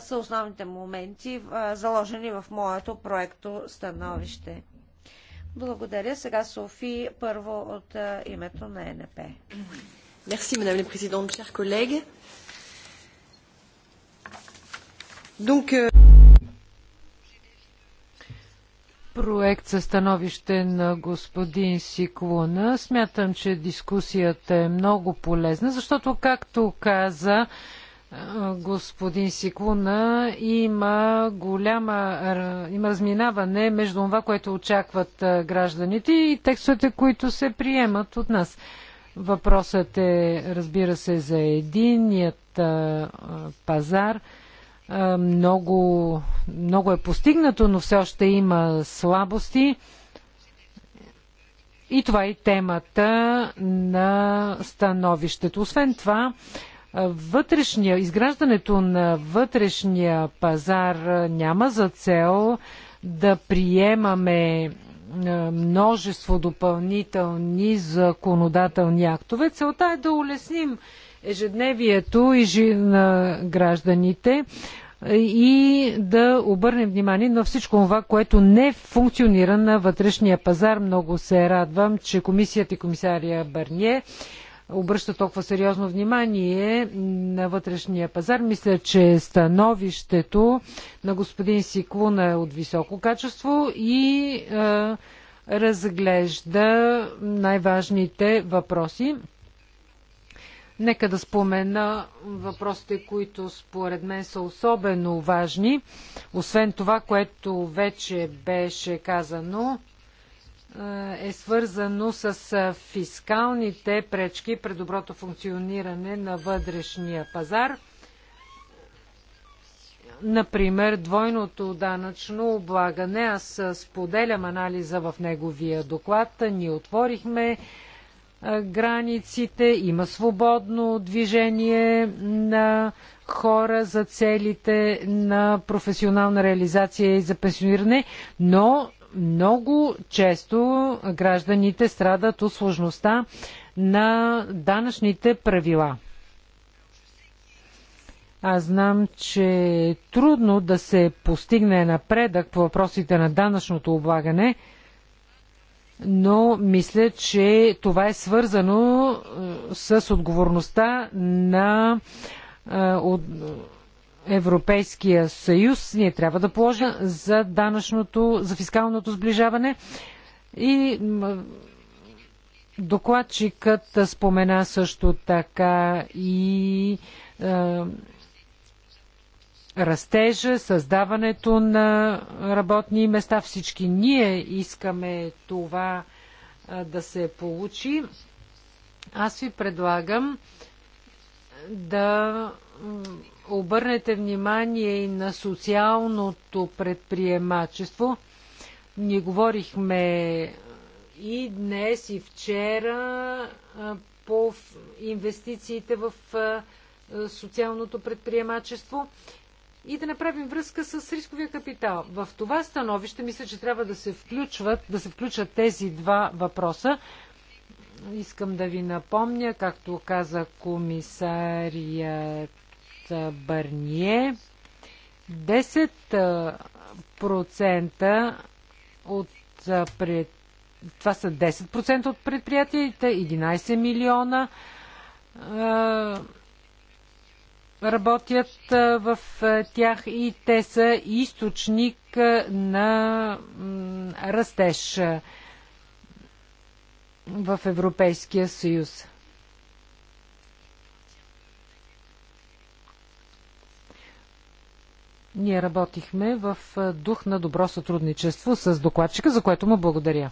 са основните моменти, заложени в моето проекто становище. Благодаря. Сега Софи, първо от името на НП. Merci, Madame la Présidente, chers collègues. Donc, euh... проект за становище на господин Сиклуна. Смятам, че дискусията е много полезна, защото, както каза господин Сиклуна, има голяма има разминаване между това, което очакват гражданите и текстовете, които се приемат от нас. Въпросът е, разбира се, за единият пазар – много, много е постигнато, но все още има слабости. И това е темата на становището. Освен това, вътрешния, изграждането на вътрешния пазар няма за цел да приемаме множество допълнителни законодателни актове. Целта е да улесним ежедневието и на гражданите и да обърнем внимание на всичко това, което не функционира на вътрешния пазар. Много се радвам, че комисията и комисария Барние обръща толкова сериозно внимание на вътрешния пазар. Мисля, че становището на господин Сиклуна е от високо качество и е, разглежда най-важните въпроси. Нека да спомена въпросите, които според мен са особено важни. Освен това, което вече беше казано, е свързано с фискалните пречки пред доброто функциониране на вътрешния пазар. Например, двойното данъчно облагане. Аз споделям анализа в неговия доклад. Ние отворихме границите, има свободно движение на хора за целите на професионална реализация и за пенсиониране, но много често гражданите страдат от сложността на данъчните правила. Аз знам, че е трудно да се постигне напредък по въпросите на данъчното облагане – но мисля, че това е свързано е, с отговорността на е, е, Европейския съюз. Ние трябва да положим за данъчното, за фискалното сближаване и докладчикът спомена също така и растежа, създаването на работни места. Всички ние искаме това да се получи. Аз ви предлагам да обърнете внимание и на социалното предприемачество. Ние говорихме и днес, и вчера по инвестициите в социалното предприемачество и да направим връзка с рисковия капитал. В това становище мисля, че трябва да се включват, да се включат тези два въпроса. Искам да ви напомня, както каза комисарият Бърние, 10% от пред... това са 10% от предприятията, 11 милиона работят в тях и те са източник на растеж в Европейския съюз. Ние работихме в дух на добро сътрудничество с докладчика, за което му благодаря.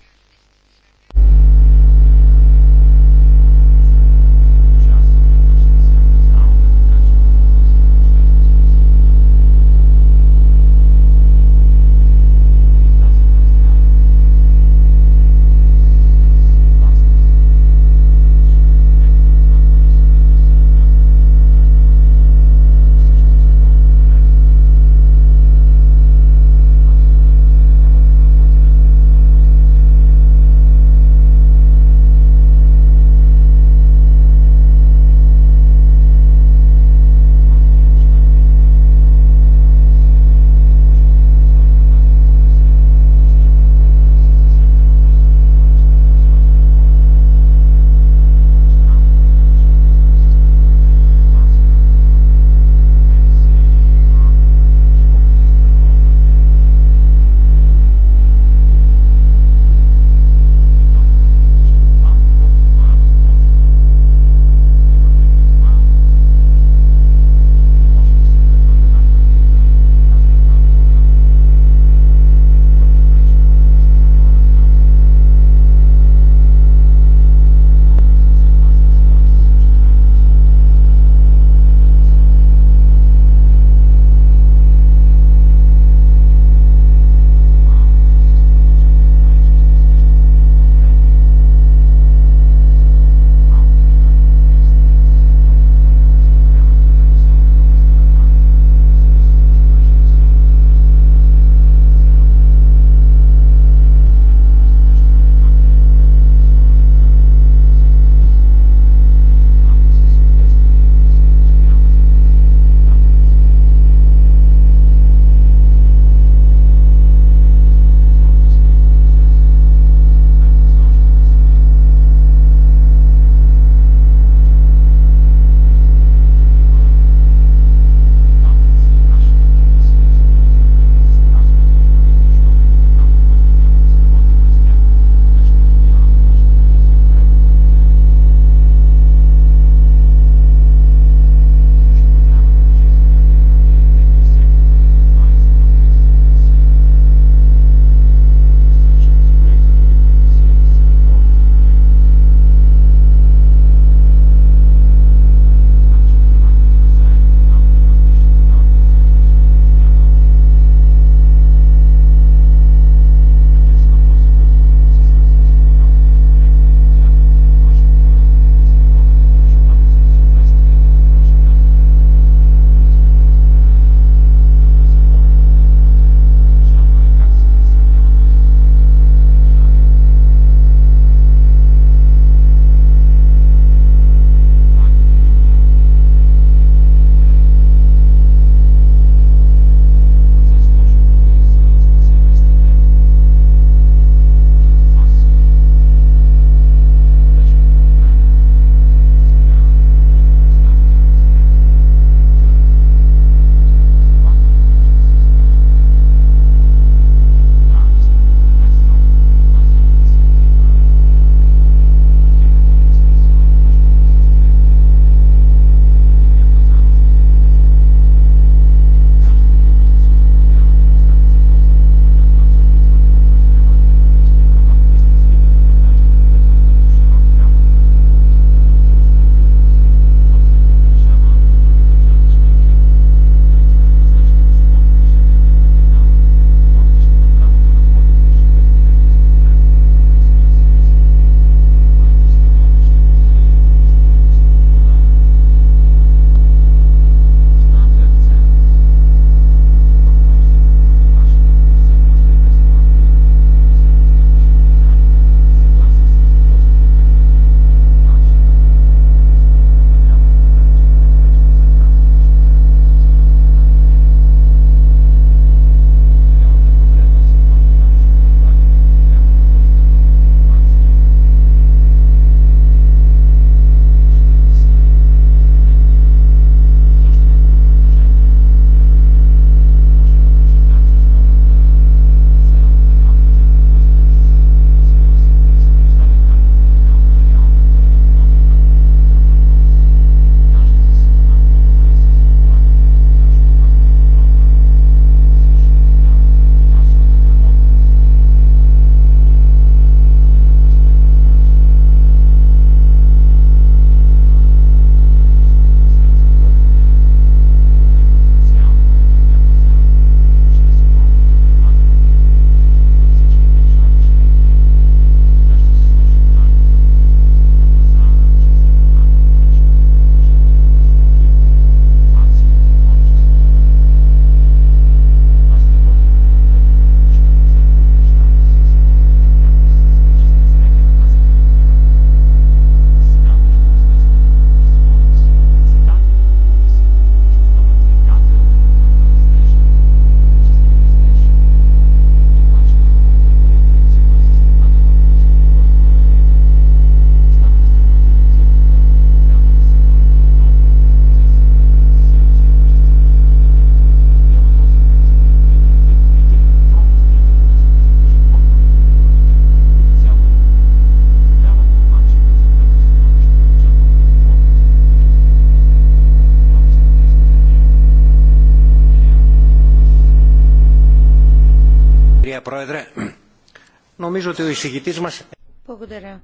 Благодаря,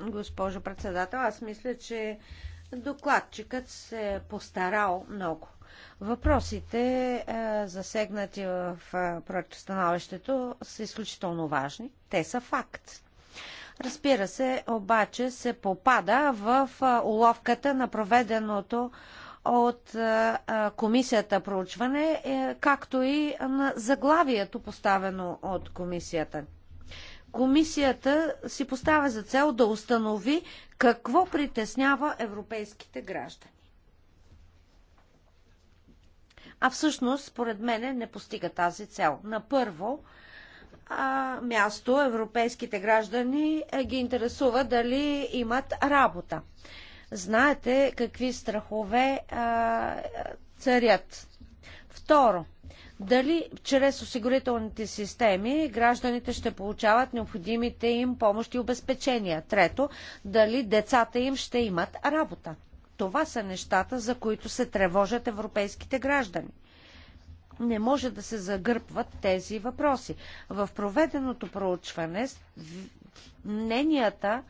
госпожо председател. Аз мисля, че докладчикът се е постарал много. Въпросите, е, засегнати в е, становището, са изключително важни. Те са факт. Разбира се, обаче се попада в е, уловката на проведеното от комисията проучване, както и на заглавието поставено от комисията комисията си поставя за цел да установи какво притеснява европейските граждани. А всъщност, според мен, не постига тази цел. На първо а, място европейските граждани ги интересува дали имат работа. Знаете какви страхове а, царят. Второ, дали чрез осигурителните системи гражданите ще получават необходимите им помощи и обезпечения. Трето, дали децата им ще имат работа. Това са нещата, за които се тревожат европейските граждани. Не може да се загърбват тези въпроси. В проведеното проучване мненията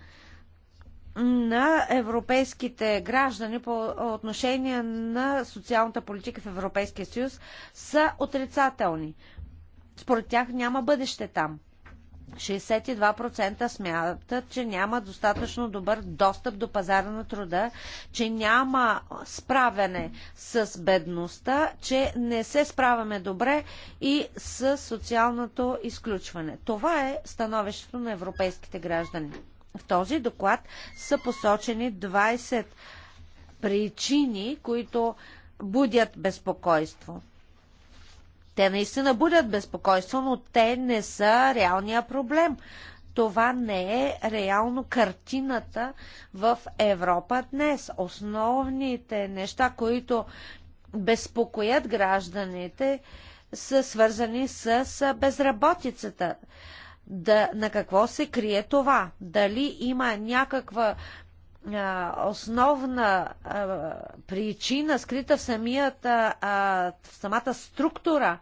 на европейските граждани по отношение на социалната политика в Европейския съюз са отрицателни. Според тях няма бъдеще там. 62% смятат, че няма достатъчно добър достъп до пазара на труда, че няма справяне с бедността, че не се справяме добре и с социалното изключване. Това е становището на европейските граждани. В този доклад са посочени 20 причини, които будят безпокойство. Те наистина будят безпокойство, но те не са реалния проблем. Това не е реално картината в Европа днес. Основните неща, които безпокоят гражданите, са свързани с безработицата да, на какво се крие това. Дали има някаква а, основна а, причина, скрита в, самият, а, в самата структура,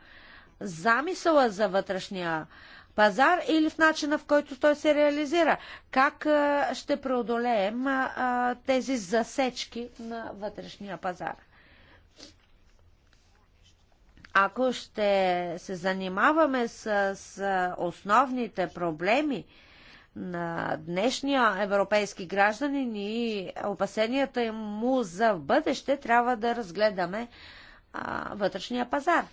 замисъла за вътрешния пазар или в начина, в който той се реализира. Как а, ще преодолеем а, тези засечки на вътрешния пазар? Ако ще се занимаваме с, с основните проблеми на днешния европейски граждани и опасенията им му за в бъдеще, трябва да разгледаме а, вътрешния пазар.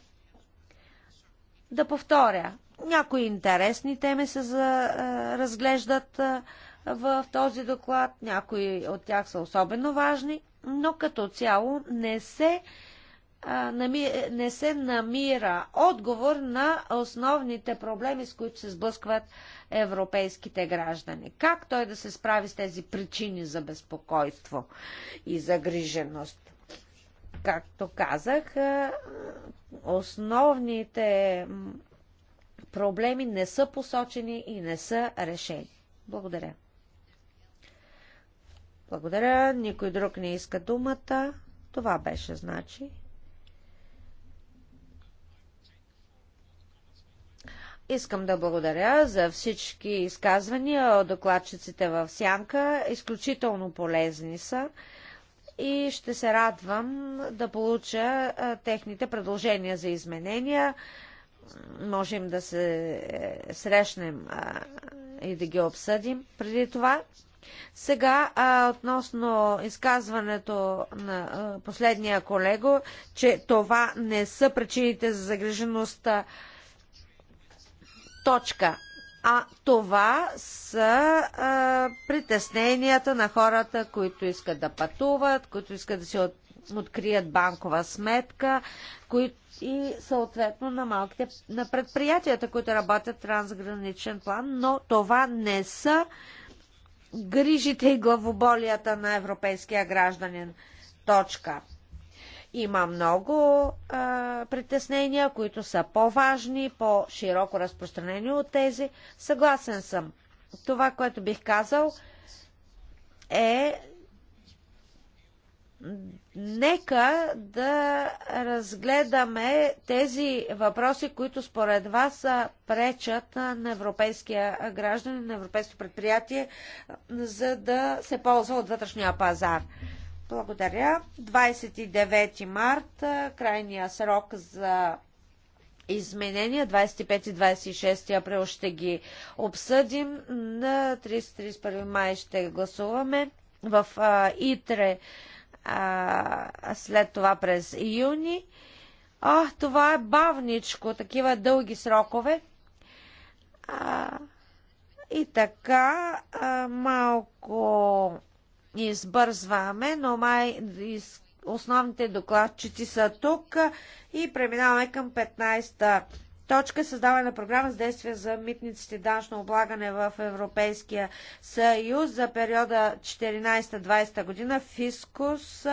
Да повторя, някои интересни теми се за, а, разглеждат а, в този доклад, някои от тях са особено важни, но като цяло не се а, не се намира отговор на основните проблеми, с които се сблъскват европейските граждани. Как той да се справи с тези причини за безпокойство и загриженост? Както казах, основните проблеми не са посочени и не са решени. Благодаря. Благодаря. Никой друг не иска думата. Това беше, значи. Искам да благодаря за всички изказвания от докладчиците в Сянка. Изключително полезни са и ще се радвам да получа техните предложения за изменения. Можем да се е, срещнем и да ги обсъдим преди това. Сега, а, относно изказването на а, последния колего, че това не са причините за загрижеността точка. А това са а, притесненията на хората, които искат да пътуват, които искат да си от, открият банкова сметка, кои, и съответно на малките, на предприятията, които работят в трансграничен план, но това не са грижите и главоболията на европейския гражданин. Точка. Има много а, притеснения, които са по-важни, по-широко разпространени от тези. Съгласен съм. Това, което бих казал е нека да разгледаме тези въпроси, които според вас пречат на европейския граждан, на европейското предприятие, за да се ползва от вътрешния пазар. Благодаря. 29 март, крайния срок за изменения, 25 и 26 април ще ги обсъдим. На 30-31 май ще гласуваме в а, ИТРЕ а, след това през юни. А, това е бавничко, такива дълги срокове. А, и така, а, малко избързваме, но май основните докладчици са тук и преминаваме към 15-та точка създаване на програма с действие за митниците данъчно облагане в Европейския съюз за периода 14-20 година Фискус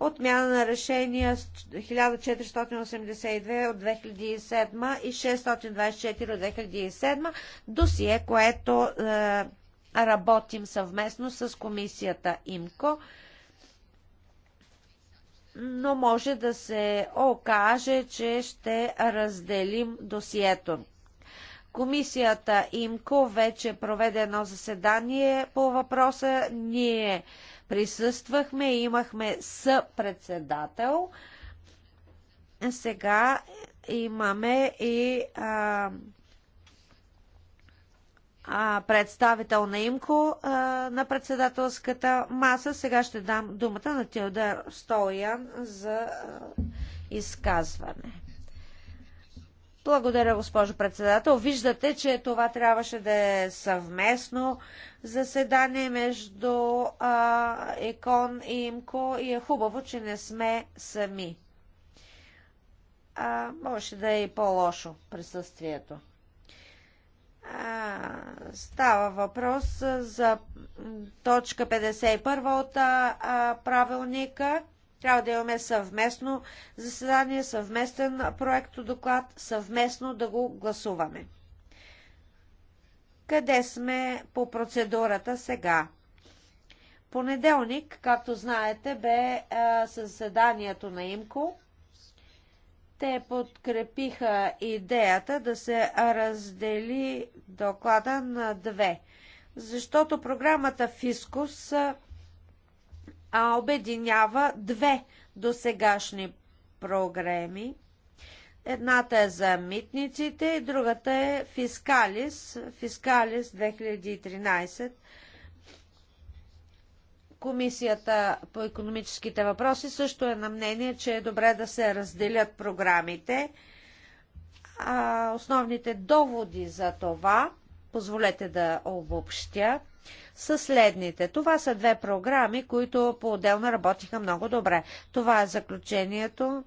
отмяна на решения 1482 от 2007 и 624 от 2007 досие, което е, работим съвместно с комисията ИМКО, но може да се окаже, че ще разделим досието. Комисията ИМКО вече проведе едно заседание по въпроса. Ние присъствахме и имахме съпредседател. Сега имаме и а, представител на ИМКО на председателската маса. Сега ще дам думата на Теодор Стоян за изказване. Благодаря, госпожо председател. Виждате, че това трябваше да е съвместно заседание между а, ЕКОН и ИМКО и е хубаво, че не сме сами. А, може да е и по-лошо присъствието става въпрос за точка 51 от правилника. Трябва да имаме съвместно заседание, съвместен проект доклад, съвместно да го гласуваме. Къде сме по процедурата сега? Понеделник, както знаете, бе съседанието на ИМКО те подкрепиха идеята да се раздели доклада на две, защото програмата Фискус обединява две досегашни програми. Едната е за митниците и другата е Фискалис, Фискалис 2013 Комисията по економическите въпроси също е на мнение, че е добре да се разделят програмите. А основните доводи за това, позволете да обобщя, са следните. Това са две програми, които по-отделно работиха много добре. Това е заключението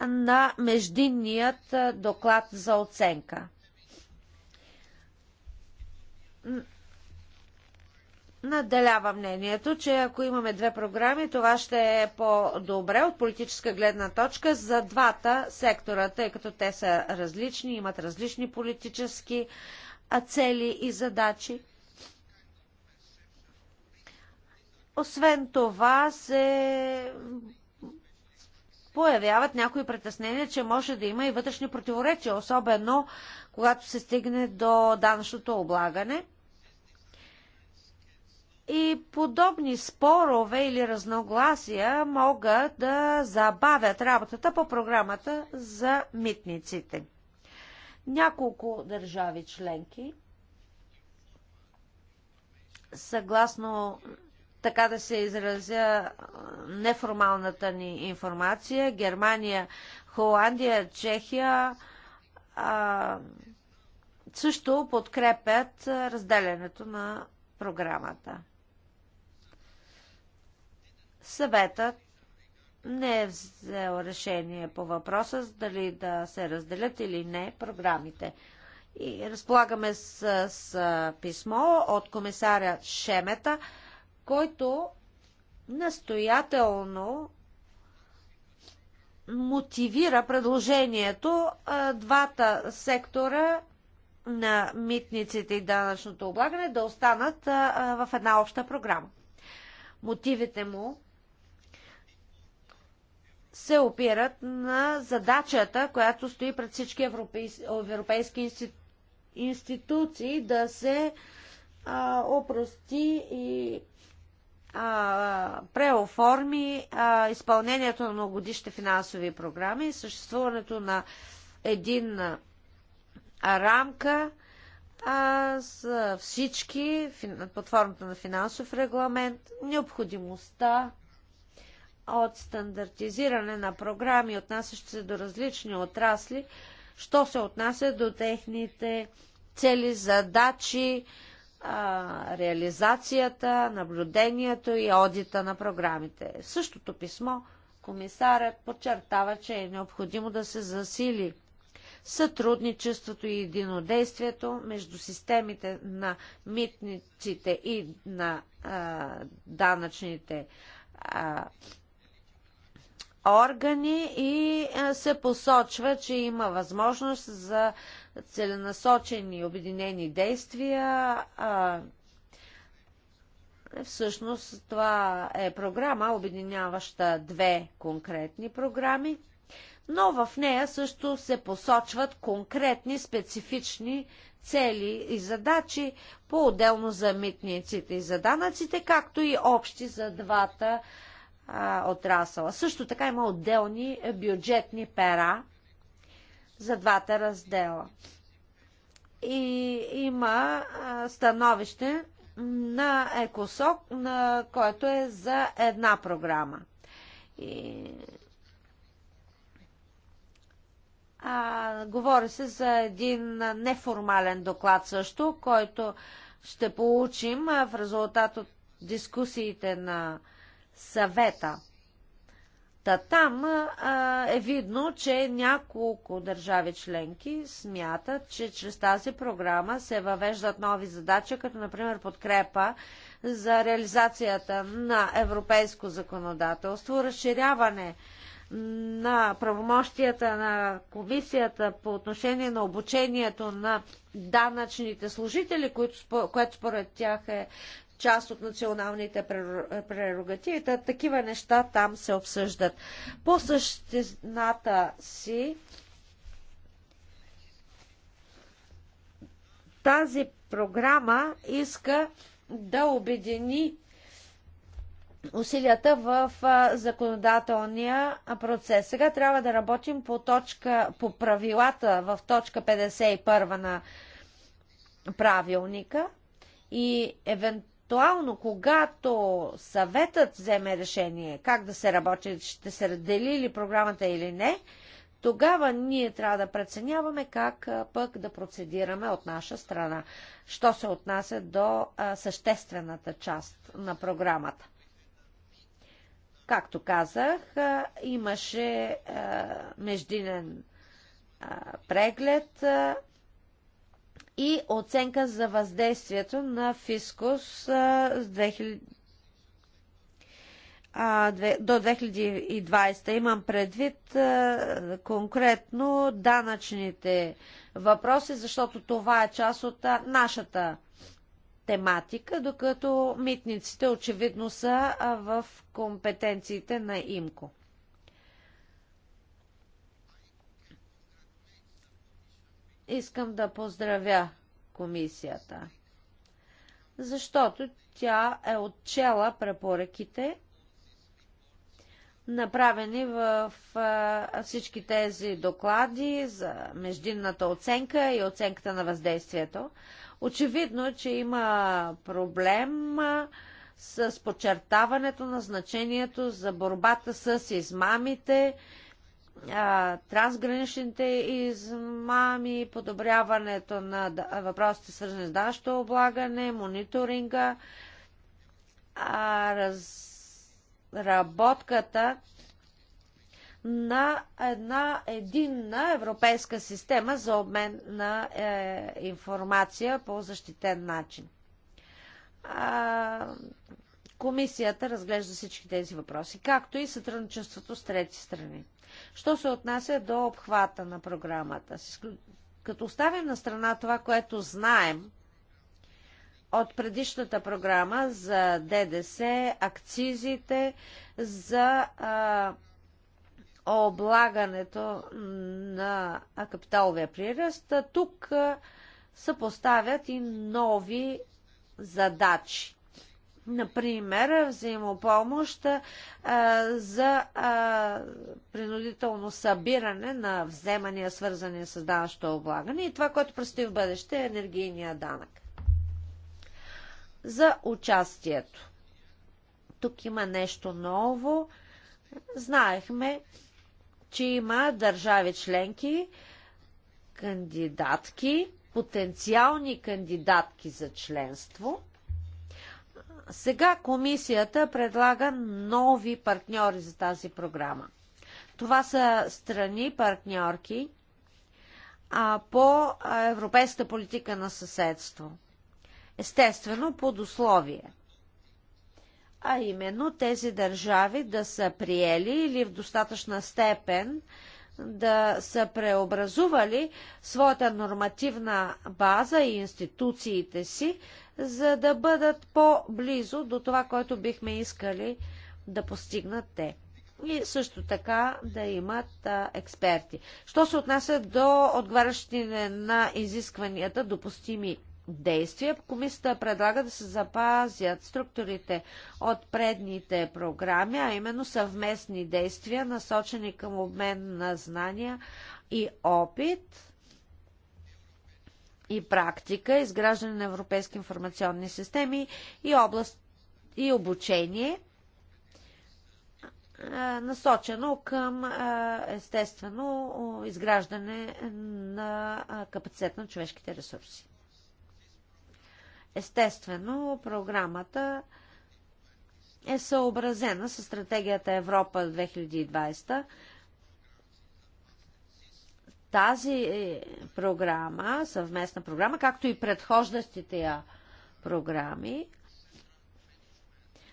на междинният доклад за оценка наделява мнението, че ако имаме две програми, това ще е по-добре от политическа гледна точка за двата сектора, тъй като те са различни, имат различни политически цели и задачи. Освен това се появяват някои притеснения, че може да има и вътрешни противоречия, особено когато се стигне до данъчното облагане – и подобни спорове или разногласия могат да забавят работата по програмата за митниците. Няколко държави членки, съгласно така да се изразя неформалната ни информация, Германия, Холандия, Чехия а, също подкрепят разделянето на програмата. Съветът не е взел решение по въпроса дали да се разделят или не програмите. И разполагаме с, с писмо от комисаря Шемета, който настоятелно мотивира предложението двата сектора на митниците и данъчното облагане да останат в една обща програма. Мотивите му се опират на задачата, която стои пред всички европейски, европейски институции да се а, опрости и а, преоформи а, изпълнението на многогодишните финансови програми, съществуването на един рамка а, с всички под формата на финансов регламент, необходимостта от стандартизиране на програми, отнасящи се до различни отрасли, що се отнася до техните цели, задачи, реализацията, наблюдението и одита на програмите. В същото писмо комисарят подчертава, че е необходимо да се засили сътрудничеството и единодействието между системите на митниците и на а, данъчните а, органи и е, се посочва, че има възможност за целенасочени обединени действия. Всъщност това е програма, обединяваща две конкретни програми, но в нея също се посочват конкретни специфични цели и задачи по-отделно за митниците и за данъците, както и общи за двата а, отрасъла. Също така има отделни е, бюджетни пера за двата раздела. И има а, становище на ЕКОСОК, на което е за една програма. И... А, говори се за един неформален доклад също, който ще получим в резултат от дискусиите на съвета. Та там а, е видно, че няколко държави членки смятат, че чрез тази програма се въвеждат нови задачи, като например подкрепа за реализацията на европейско законодателство, разширяване на правомощията на комисията по отношение на обучението на данъчните служители, което според тях е част от националните прерогативи. Такива неща там се обсъждат. По същината си тази програма иска да обедини усилията в законодателния процес. Сега трябва да работим по, точка, по правилата в точка 51 на правилника и евентуално актуално, когато съветът вземе решение как да се работи, ще се раздели ли програмата или не, тогава ние трябва да преценяваме как пък да процедираме от наша страна, що се отнася до съществената част на програмата. Както казах, имаше междинен преглед и оценка за въздействието на Фискус 2000, а, до 2020. Имам предвид а, конкретно данъчните въпроси, защото това е част от нашата тематика, докато митниците очевидно са в компетенциите на ИМКО. Искам да поздравя комисията, защото тя е отчела препоръките, направени в всички тези доклади за междинната оценка и оценката на въздействието. Очевидно, че има проблем с подчертаването на значението за борбата с измамите трансграничните измами, подобряването на въпросите свързани с данъчното облагане, мониторинга, разработката на една единна европейска система за обмен на е, информация по защитен начин. А, Комисията разглежда всички тези въпроси, както и сътрудничеството с трети страни. Що се отнася до обхвата на програмата? Като оставим на страна това, което знаем от предишната програма за ДДС, акцизите, за а, облагането на капиталовия приръст, тук а, се поставят и нови задачи. Например, взаимопомощ а, за а, принудително събиране на вземания, свързани с данъчно облагане и това, което предстои в бъдеще е енергийния данък. За участието. Тук има нещо ново. Знаехме, че има държави членки, кандидатки, потенциални кандидатки за членство – сега комисията предлага нови партньори за тази програма. Това са страни партньорки а, по европейската политика на съседство. Естествено, под условие. А именно тези държави да са приели или в достатъчна степен да са преобразували своята нормативна база и институциите си, за да бъдат по-близо до това, което бихме искали да постигнат те. И също така да имат а, експерти. Що се отнася до отговарящите на изискванията допустими действия. Комисията предлага да се запазят структурите от предните програми, а именно съвместни действия, насочени към обмен на знания и опит и практика, изграждане на европейски информационни системи и област и обучение, насочено към естествено изграждане на капацитет на човешките ресурси. Естествено, програмата е съобразена с стратегията Европа 2020. Тази е, програма, съвместна програма, както и предхождащите я програми,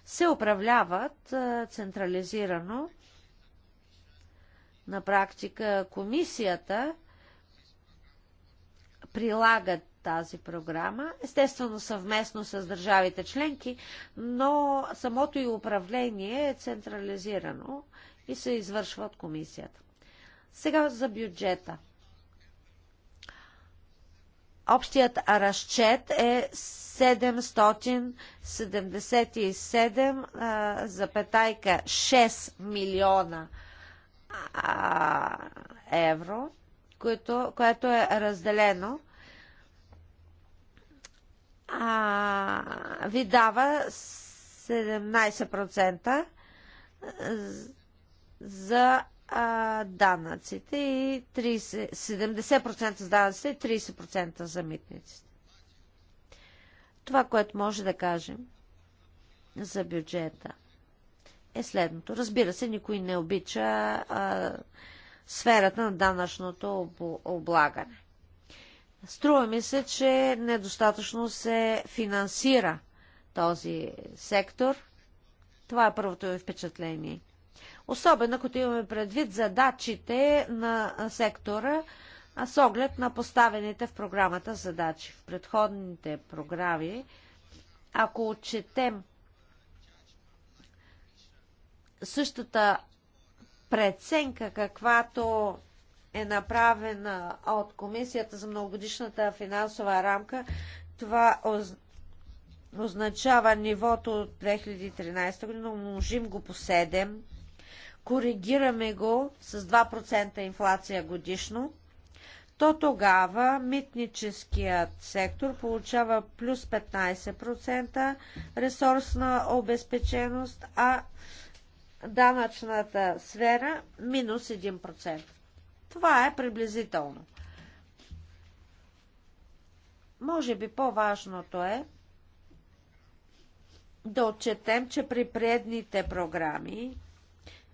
се управляват е, централизирано. На практика комисията прилага тази програма, естествено съвместно с държавите членки, но самото и управление е централизирано и се извършва от комисията. Сега за бюджета. Общият разчет е 777,6 милиона евро, което, което е разделено а, ви дава 17% за а, данъците и 30, 70% за данъците и 30% за митниците. Това, което може да кажем за бюджета е следното. Разбира се, никой не обича а, сферата на данъчното облагане. Струва ми се, че недостатъчно се финансира този сектор. Това е първото ми впечатление. Особено като имаме предвид задачите на сектора а с оглед на поставените в програмата задачи. В предходните програми, ако отчетем същата преценка, каквато е направена от Комисията за многогодишната финансова рамка, това означава нивото от 2013 година, умножим го по 7, коригираме го с 2% инфлация годишно, то тогава митническият сектор получава плюс 15% ресурсна обезпеченост, а данъчната сфера минус 1%. Това е приблизително. Може би по-важното е да отчетем, че при предните програми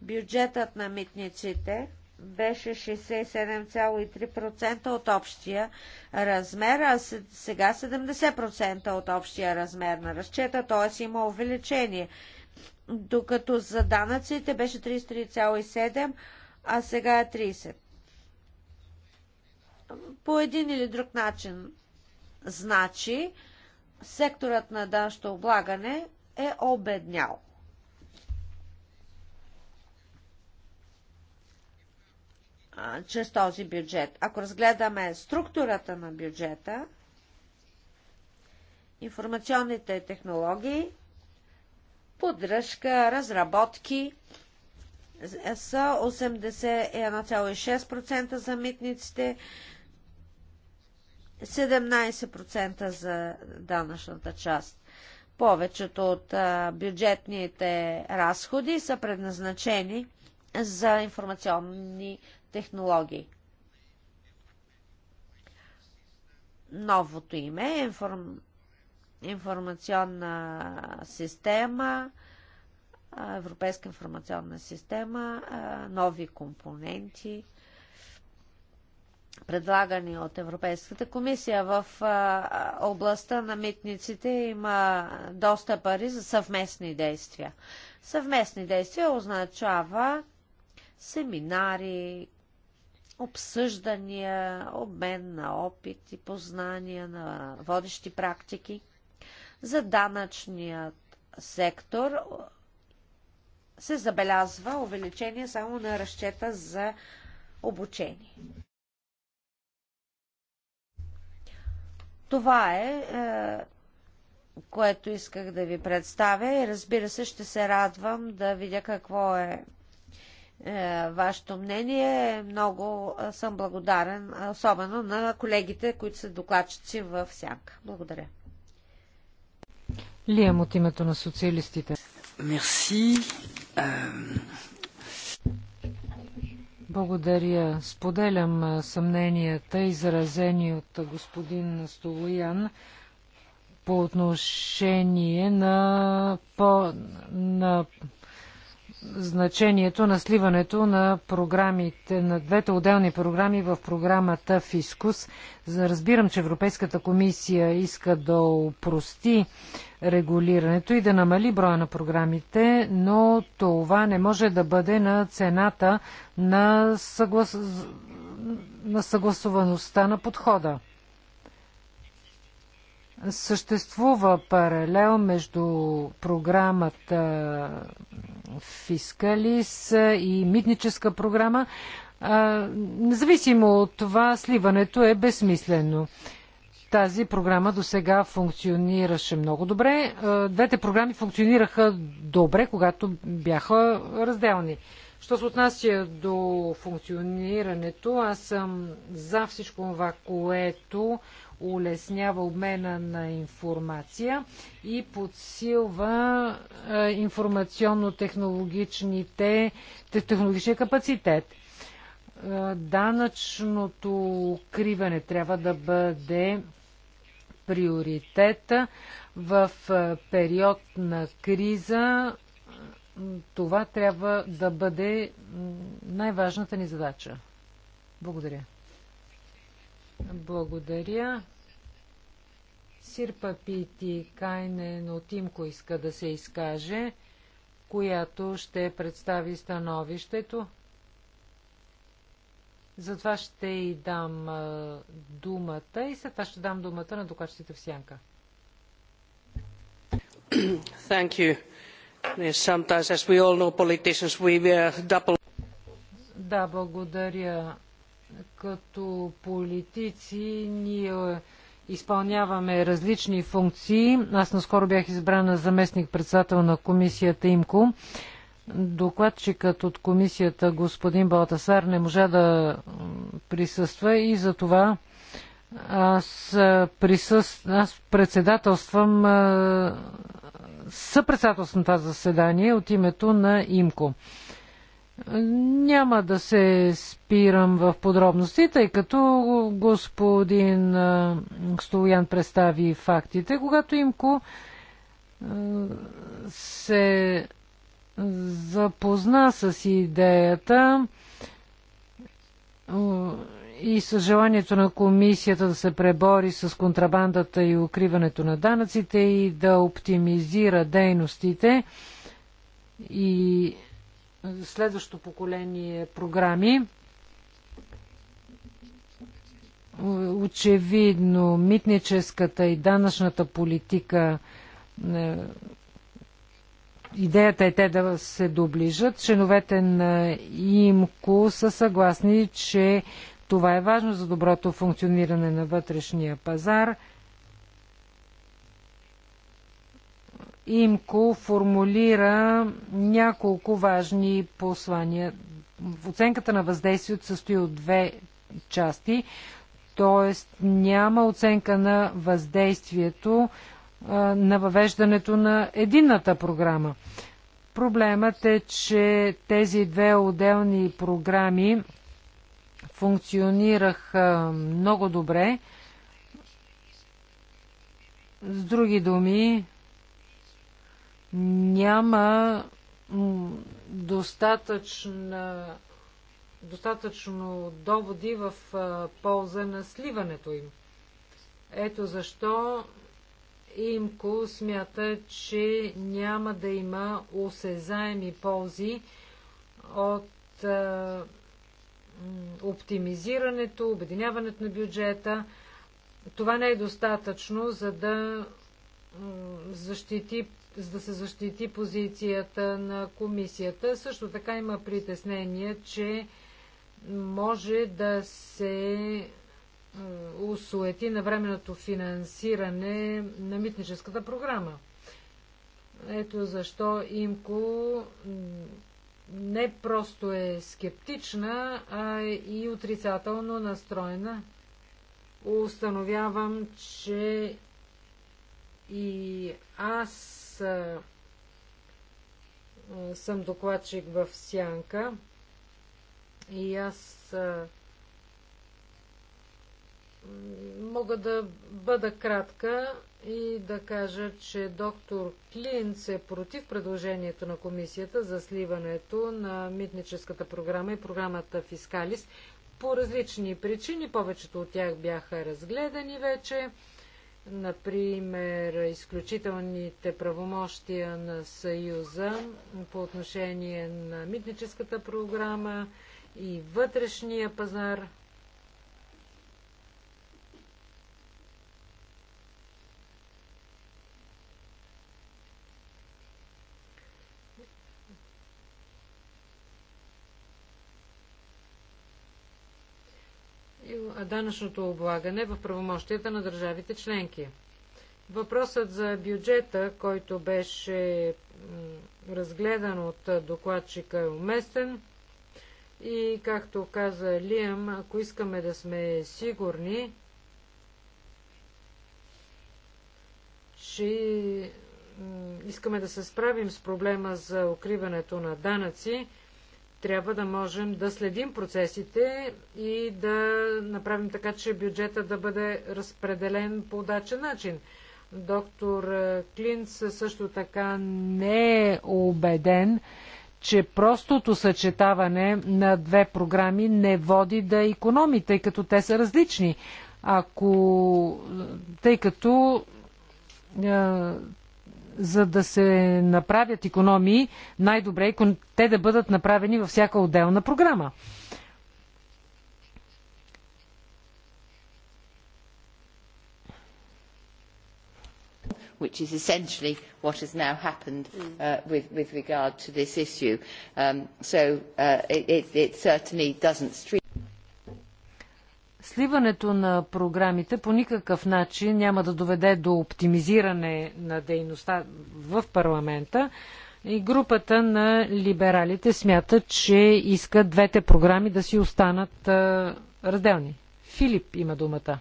бюджетът на митниците беше 67,3% от общия размер, а сега 70% от общия размер на разчета, т.е. има увеличение. Докато за данъците беше 33,7%, а сега е 30% по един или друг начин. Значи, секторът на данщо облагане е обеднял. чрез този бюджет. Ако разгледаме структурата на бюджета, информационните технологии, поддръжка, разработки са 81,6% за митниците, 17% за данъчната част. Повечето от бюджетните разходи са предназначени за информационни технологии. Новото име е информ... информационна система, Европейска информационна система, нови компоненти – предлагани от Европейската комисия. В областта на митниците има доста пари за съвместни действия. Съвместни действия означава семинари, обсъждания, обмен на опит и познания на водещи практики за данъчният сектор се забелязва увеличение само на разчета за обучение. Това е, е, което исках да ви представя и разбира се ще се радвам да видя какво е, е вашето мнение. Много е, съм благодарен, особено на колегите, които са докладчици в сянка. Благодаря. Лием от името на социалистите. Мерси. Благодаря. Споделям съмненията, изразени от господин Столоян по отношение на, по, на значението на сливането на програмите, на двете отделни програми в програмата Фискус. Разбирам, че Европейската комисия иска да упрости регулирането и да намали броя на програмите, но това не може да бъде на цената на, съглас... на съгласуваността на подхода. Съществува паралел между програмата Фискалис и митническа програма. Независимо от това, сливането е безсмислено. Тази програма до сега функционираше много добре. Двете програми функционираха добре, когато бяха разделни. Що се отнася до функционирането, аз съм за всичко това, което улеснява обмена на информация и подсилва е, информационно-технологичните технологичния капацитет. Е, данъчното укриване трябва да бъде приоритета в е, период на криза. Това трябва да бъде най-важната ни задача. Благодаря. Благодаря. Сирпа Пити Кайнен от Имко иска да се изкаже, която ще представи становището. Затова ще й дам а, думата и след това ще дам думата на докачите в сянка. Know, uh, double... Да, благодаря. Като политици ние изпълняваме различни функции. Аз наскоро бях избрана заместник председател на комисията ИМКО. Докладчикът от комисията господин Балтасар не можа да присъства и за това аз, присъс... аз председателствам съпредседателствам това заседание от името на ИМКО. Няма да се спирам в подробности, тъй като господин Стоян представи фактите. Когато имко се запозна с идеята и с желанието на комисията да се пребори с контрабандата и укриването на данъците и да оптимизира дейностите и следващото поколение програми. Очевидно, митническата и данъчната политика е, Идеята е те да се доближат. Членовете на ИМКО са съгласни, че това е важно за доброто функциониране на вътрешния пазар. ИМКО формулира няколко важни послания. Оценката на въздействието състои от две части, т.е. няма оценка на въздействието на въвеждането на единната програма. Проблемът е, че тези две отделни програми функционираха много добре. С други думи, няма достатъчна, достатъчно доводи в полза на сливането им. Ето защо Имко смята, че няма да има осезаеми ползи от оптимизирането, обединяването на бюджета. Това не е достатъчно, за да защити за да се защити позицията на комисията. Също така има притеснение, че може да се усуети на временното финансиране на митническата програма. Ето защо Имко не просто е скептична, а и отрицателно настроена. Установявам, че и аз а, а, съм докладчик в Сянка и аз а, мога да бъда кратка и да кажа, че доктор Клинц е против предложението на комисията за сливането на митническата програма и програмата Фискалис по различни причини. Повечето от тях бяха разгледани вече например, изключителните правомощия на Съюза по отношение на митническата програма и вътрешния пазар, данъчното облагане в правомощията на държавите членки. Въпросът за бюджета, който беше разгледан от докладчика е уместен. И, както каза Лиам, ако искаме да сме сигурни, че искаме да се справим с проблема за укриването на данъци, трябва да можем да следим процесите и да направим така, че бюджета да бъде разпределен по удачен начин. Доктор е, Клинц също така не е убеден, че простото съчетаване на две програми не води да економи, тъй като те са различни. Ако, е, тъй като е, за да се направят економии, най-добре е те да бъдат направени във всяка отделна програма. which is essentially what has now happened uh, with, with regard to this issue. Um, so uh, it, it, certainly doesn't not stream Сливането на програмите по никакъв начин няма да доведе до оптимизиране на дейността в парламента. И групата на либералите смята, че искат двете програми да си останат разделни. Филип има думата.